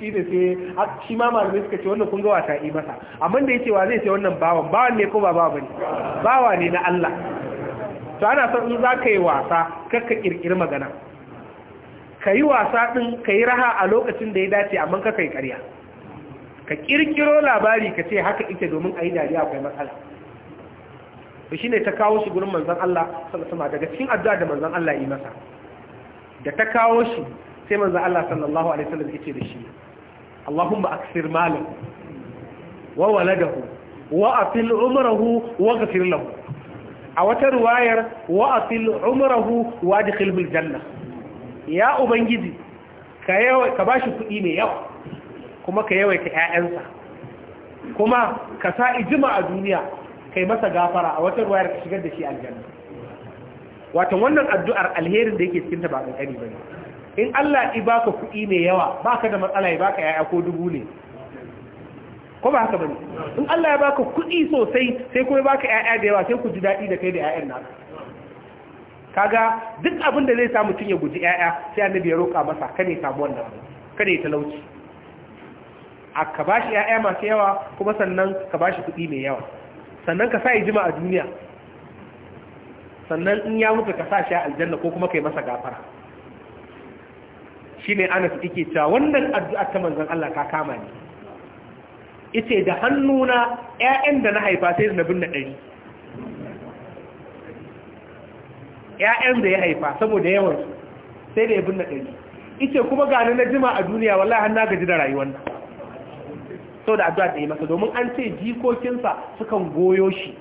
shi da sai shi ma malamai suka ce wannan kun ga wata yi masa amma da yake wa zai sai wannan bawan bawan ne ko ba bawa ne bawa ne na Allah to ana son in za ka yi wasa kar kirkir magana ka yi wasa din ka yi raha a lokacin da ya dace amma ka kai ƙarya ka kirkiro labari ka ce haka ita domin a yi dariya akwai matsala da shi ne ta kawo shi gurin manzan Allah sama daga cikin addu'a da manzan Allah yi masa da ta kawo shi sai manzan Allah sallallahu alaihi wasallam ya ce da shi a kasir malam wa da hu, wa afil umrahu wa fil lahu a wata ruwayar wa a afil umrahu wa adkhilhu janna ya ubangiji ka ba ka bashi kuɗi mai yawa kuma ka yawaita 'ya'yansa kuma ka sa ijima a duniya kai masa gafara a wata ruwa ka shigar da shi aljanna Watan wannan addu'ar alherin da yake cikin ta ba ne. in Allah i baka kuɗi mai yawa baka da matsala ya baka yaya ko dubu ne ko ba haka ne? in Allah ya baka kuɗi sosai sai kuma baka yaya da yawa sai ku ji daɗi da kai da yayan naka kaga duk abin da zai samu cinye ya guji yaya sai annabi ya roƙa masa kane samu wannan kane talauci a ka ba shi ‘ya'ya masu yawa kuma sannan ka ba shi kuɗi mai yawa sannan ka sa ya jima a duniya sannan in ya mutu ka sa shi a aljanna ko kuma kai masa gafara shi ne su ike cewa wannan addu'a ta manzan Allah ka kama ne ita da hannuna ‘ya'yan da na haifa sai na binne ɗari ‘ya'yan da ya haifa saboda yawansu sai da ya binne ɗari ita kuma gani na jima a duniya wallahi har na gaji da rayuwar nan da addu'a da yi masa domin an ce jikokinsa sukan goyo shi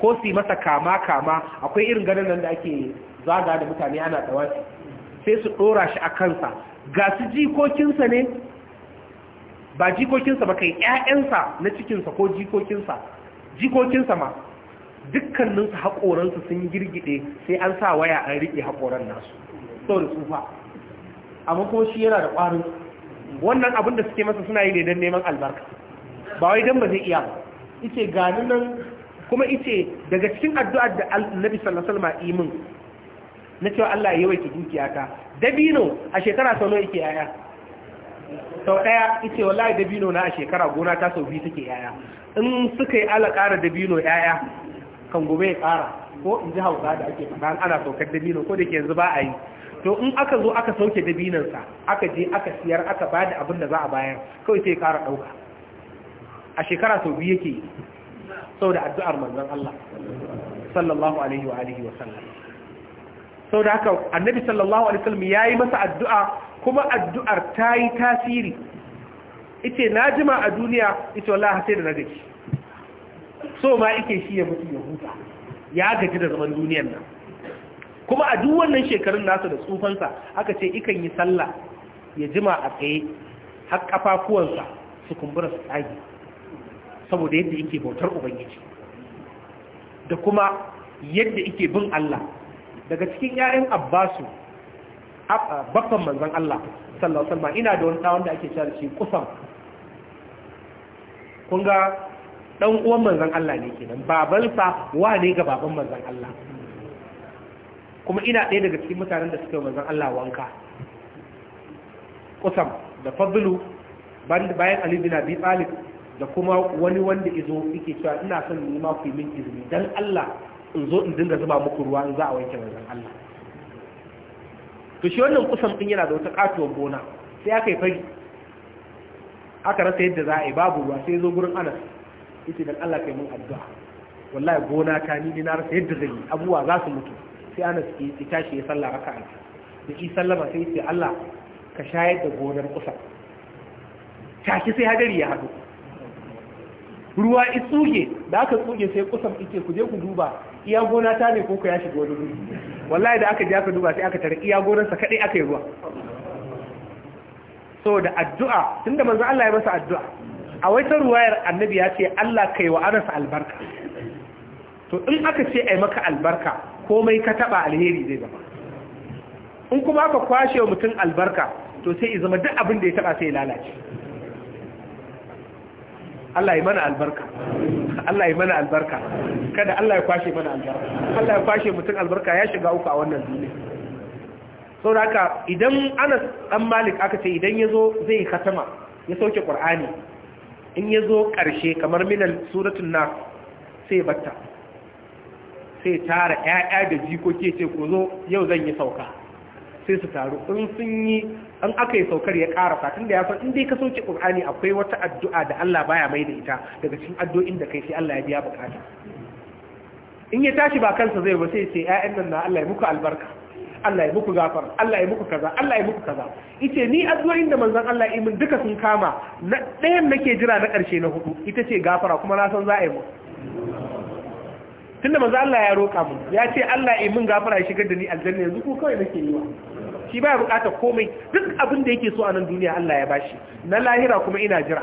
ko su yi masa kama kama akwai irin ganin nan da ake zaga da mutane ana tsawaci sai su ɗora shi a kansa ga su jikokinsa ne ba jikokinsa ba kai ƴaƴansa na cikinsa ko jikokinsa jikokinsa ma dukkaninsu haƙoransu sun girgide sai an sa waya an riƙe haƙoran nasu saboda tsufa amma kuma shi yana da ƙwarin wannan abin da suke masa suna yi ne don neman albarka ba wai don ba zai iya ice gani nan kuma ice daga cikin addu'ar da annabi sallallahu alaihi wasallam imin na cewa Allah ya yawaita dukiyata dabino a shekara sau nawa yake yaya sau daya ice wallahi dabino na a shekara gona ta sau biyu take yaya in suka yi ala kara dabino yaya kan gobe ya ƙara ko in ji hausa da ake Ba ana saukar dabino ko da ke yanzu ba a yi to in aka zo aka sauke dabinansa aka je aka siyar aka bada abin da za a bayar kawai sai kara ɗauka a shekara sau biyu yake sau da addu'ar manzan Allah sallallahu alaihi wa alihi wa sallam sau da haka annabi sallallahu alaihi wa sallam ya yi masa addu'a kuma addu'ar ta yi tasiri ita na jima a duniya ita wallaha sai da na gaji so ma ike shi ya mutu ya huta ya gaji da zaman duniyar nan kuma a duk wannan shekarun nasa da tsufansa aka ce ikan yi sallah ya jima a tsaye har kafafuwansa su kumbura su tsage saboda yadda yake bautar ubangiji da kuma yadda yake bin Allah daga cikin 'ya'yan Abbasu babban manzon Allah sallallahu alaihi ina da wani tsawon da ake cewa shi kusan kun ga dan uwan manzan Allah ne kenan babansa wane ga baban manzon Allah kuma ina ɗaya daga cikin mutanen da suka manzan Allah wanka kusam da fadlu bayan Ali bin Abi Talib da kuma wani wanda izo yake cewa ina son ni ma ku min izini dan Allah in zo in dinga zuba muku ruwa in za a wanke manzan Allah to shi wannan kusam din yana da wata katuwar gona sai aka yi fari aka rasa yadda za a yi babu ruwa sai zo gurin Anas yace dan Allah kai mun addu'a wallahi gona ta ni na rasa yadda zan yi abubuwa za su mutu sai anas ya tashi ya sallah raka an da ki sallama sai ce Allah ka shayar da gonar kusa tashi sai hadari ya hadu ruwa i tsuge da aka tsuge sai kusan ike ku je ku duba iya gona ta ne ko ku ya shiga wani guri wallahi da aka je aka duba sai aka tare iya sa kadai aka yi ruwa so da addu'a tunda manzo Allah ya masa addu'a a wata ruwayar annabi ya ce Allah kai wa Anas albarka to in aka ce ai maka albarka komai ka taba alheri zai zama in kuma aka kwashe wa mutum albarka to sai ya zama duk abin da ya taba sai ya lalace Allah ya mana albarka Allah ya mana albarka kada Allah ya kwashe mana albarka Allah ya kwashe mutum albarka ya shiga uku a wannan duniya sau haka idan Anas dan Malik aka ce idan ya zo zai yi katama ya sauke ƙwar'ani in ya zo ƙarshe kamar minan suratun na sai batta sai tara ƴaƴa da jikoki ce ku zo yau zan yi sauka sai su taru in sun yi an aka yi saukar ya ƙara tun da ya san in dai ka sauke ƙur'ani akwai wata addu'a da Allah baya mai da ita daga cikin addu'o'in da kai sai Allah ya biya bukata in ya tashi ba kansa zai ba sai ce ƴaƴan nan na Allah ya muku albarka Allah ya muku gafar Allah ya muku kaza Allah ya muku kaza ita ni addu'o'in da manzon Allah ya min duka sun kama na ɗayan nake jira na ƙarshe na hudu ita ce gafara kuma na san za a yi mu tunda manzo Allah ya roƙa mu ya ce Allah ya mun gafara ya shigar da ni aljanna yanzu ko kawai nake yi wa shi baya bukata komai duk abin da yake so a nan duniya Allah ya bashi na lahira kuma ina jira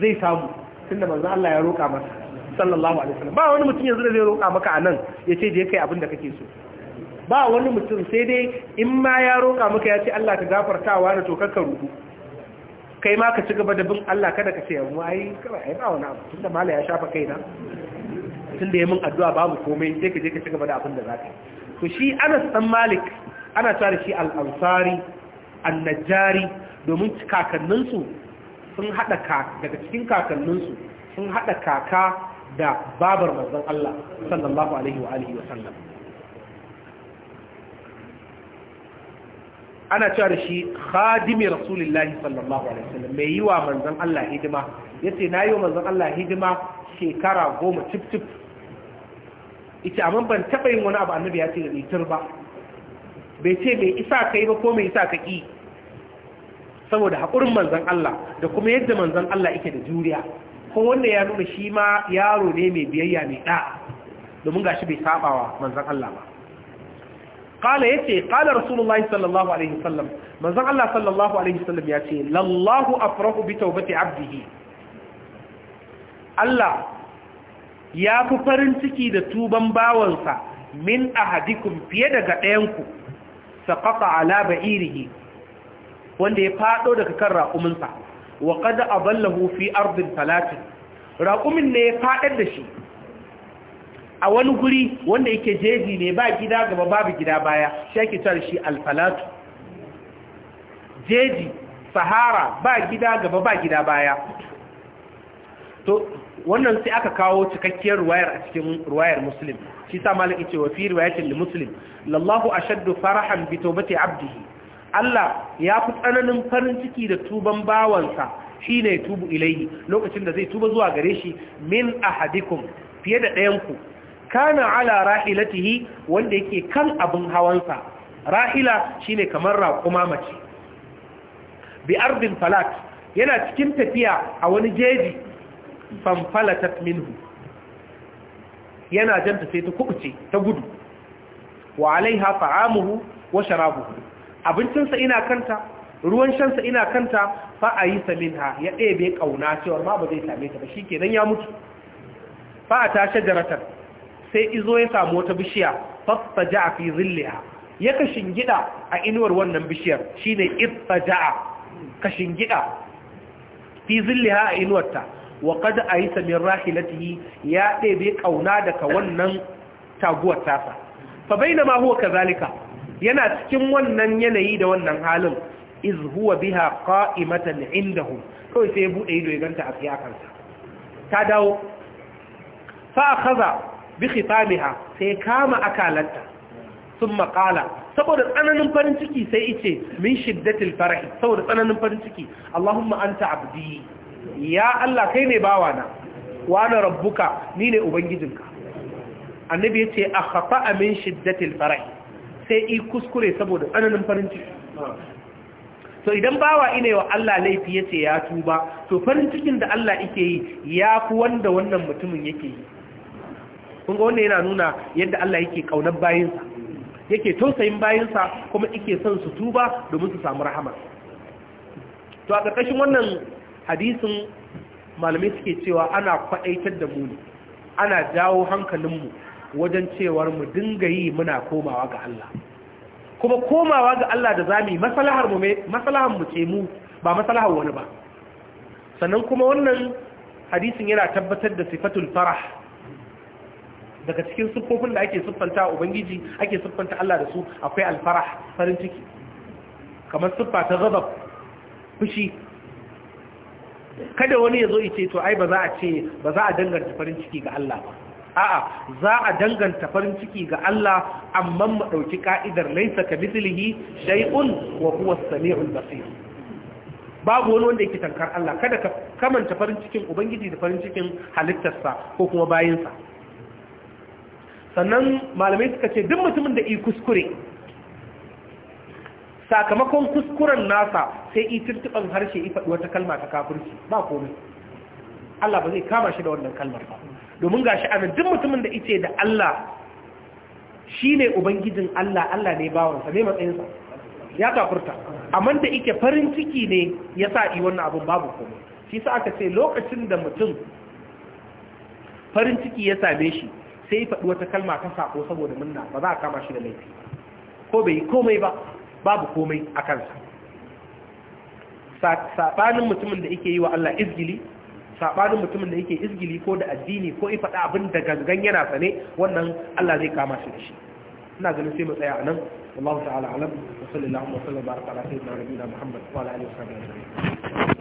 zai samu tunda manzo Allah ya roƙa masa sallallahu alaihi wasallam ba wani mutum yanzu da zai roƙa maka a nan ya ce je kai abin da kake so ba wani mutum sai dai in ma ya roƙa maka ya ce Allah ka gafartawa da tokar ka rubu kai ma ka ci gaba da bin Allah kada ka ce yanzu ai kai ai ba wani abu tunda mala ya shafa kaina tun da ya min addu'a babu komai sai ka je ka cigaba da abin da za ka to shi anas san malik ana cewa da shi al-ansari domin kakanninsu sun haɗa kaka, daga cikin kakanninsu sun haɗa kaka da babar manzon Allah sallallahu alaihi wa Alaihi wa sallam ana cewa da shi khadimi rasulullahi sallallahu alaihi wa sallam mai yi wa manzon Allah hidima yace nayi wa manzon Allah hidima shekara goma cif cif ita amma ban taɓa yin wani abu annabi ya ce da litir ba bai ce mai isa ka yi ba ko mai isa ka ƙi saboda haƙurin manzan Allah da kuma yadda manzan Allah ike da juriya ko wanda ya nuna shi ma yaro ne mai biyayya mai ɗa domin ga shi bai sabawa manzan Allah ba ƙala ya ce ƙala rasulullahi sallallahu alaihi wasallam manzan Allah sallallahu alaihi wasallam ya ce lallahu afrahu bi taubati abdihi Allah ya fi farin ciki da tuban bawansa min a hadikun fiye daga ɗayanku saƙaƙa ala irihi wanda ya faɗo daga kan raƙuminsa wa kada a ballahu fi arzin talatin raƙumin ne ya faɗar da shi a wani guri wanda yake jeji ne ba gida gaba babu gida baya shi ake tar shi alfalatu jeji sahara ba gida gaba ba gida baya to wannan sai aka kawo cikakkiyar ruwayar a cikin ruwayar muslim shi sa malaki ce wa fi riwayatin muslim lallahu ashaddu farahan bi tawbati abdihi Allah ya fi tsananin farin ciki da tuban bawansa shine tubu ilaihi lokacin da zai tuba zuwa gare shi min ahadikum fiye da ɗayan ku kana ala rahilatihi wanda yake kan abin hawansa rahila shine kamar raƙuma mace bi ardin falat yana cikin tafiya a wani jeji fanfalatat minhu yana janta sai ta kubuce ta gudu wa alaiha fa'amuhu wa sharabuhu abincinsa ina kanta ruwan shansa ina kanta fa ayisa minha saminha ya ɗebe ƙauna cewa ma ba zai same ta ba shi ya mutu fa ta shajaratan sai izo ya samu wata bishiya fasta fi zilliha ya kashin gida a inuwar wannan bishiyar shine ifta ja'a kashin gida fi zilliha a inuwarta wa qad aisa min rahilatihi ya ɗebe ƙauna daga wannan taguwar tasa fa na mahuwa kazalika yana cikin wannan yanayi da wannan halin Izhuwa huwa biha qa'imatan hu kawai sai ya buɗe ido ya ganta a fiyakansa ta dawo fa'a-kaza bi khitamiha sai kama akalanta Sun maƙala. saboda tsananin farin ciki sai ice min shiddatil farahi saboda tsananin farin ciki allahumma anta abdi ya Allah kai ne bawana wa ana rabbuka ni ne ubangijinka annabi ya ce a hafa amin shiddatil farai sai i kuskure saboda tsananin farin ciki to idan bawa ina wa Allah laifi ya ce ya tuba to farin cikin da Allah ike yi ya fi wanda wannan mutumin yake yi Kunga wanda yana nuna yadda Allah yake kaunar bayinsa yake tausayin bayansa kuma ike son su tuba domin su samu rahama to a ƙarƙashin wannan hadisin malamai suke cewa ana kwaɗaitar da mu ne ana jawo hankalinmu wajen cewar mu dinga yi muna komawa ga Allah kuma komawa ga Allah da zami masalahar mu maslahar mu ce mu ba masalahar wani ba sannan kuma wannan hadisin yana tabbatar da sifatul farah daga cikin siffofin da ake siffanta ubangiji ake siffanta Allah da su akwai alfarah farin ciki kamar siffa ta gaba fushi kada wani ya zo ya ce to ai ba za a ce ba za a danganta farin ciki ga Allah ba a'a za a danganta farin ciki ga Allah amma mu dauki ka'idar laysa mithlihi shay'un wa huwa as-sami'ul basir babu wani wanda yake tankar Allah kada ka kamanta farin cikin ubangiji da farin cikin halittarsa ko kuma bayinsa sannan malamai suka ce duk mutumin da yi kuskure sakamakon kuskuren nasa sai itirtiban harshe ifaɗi wata kalma ta kafirci ba komai Allah ba zai kama shi da wannan kalmar ba domin ga shi anan duk mutumin da ice da Allah shi ne ubangijin Allah Allah ne bawansa ne matsayinsa ya kafurta amma da ike farin ciki ne ya sa yi wannan abin babu komai shi sa aka ce lokacin da mutum farin ciki ya same shi sai faɗi wata kalma ta sako saboda munna ba za a kama shi da laifi ko bai yi komai ba babu komai a kansa saɓanin mutumin da yake yi wa Allah izgili saɓanin mutumin da yake izgili ko da addini ko ya faɗa abin da gangan yana sane wannan Allah zai kama shi da shi ina ganin sai mu tsaya a nan wallahu ta'ala alam wa sallallahu wa sallam baraka ala sayyidina nabiyina muhammad wa ala alihi wa sahbihi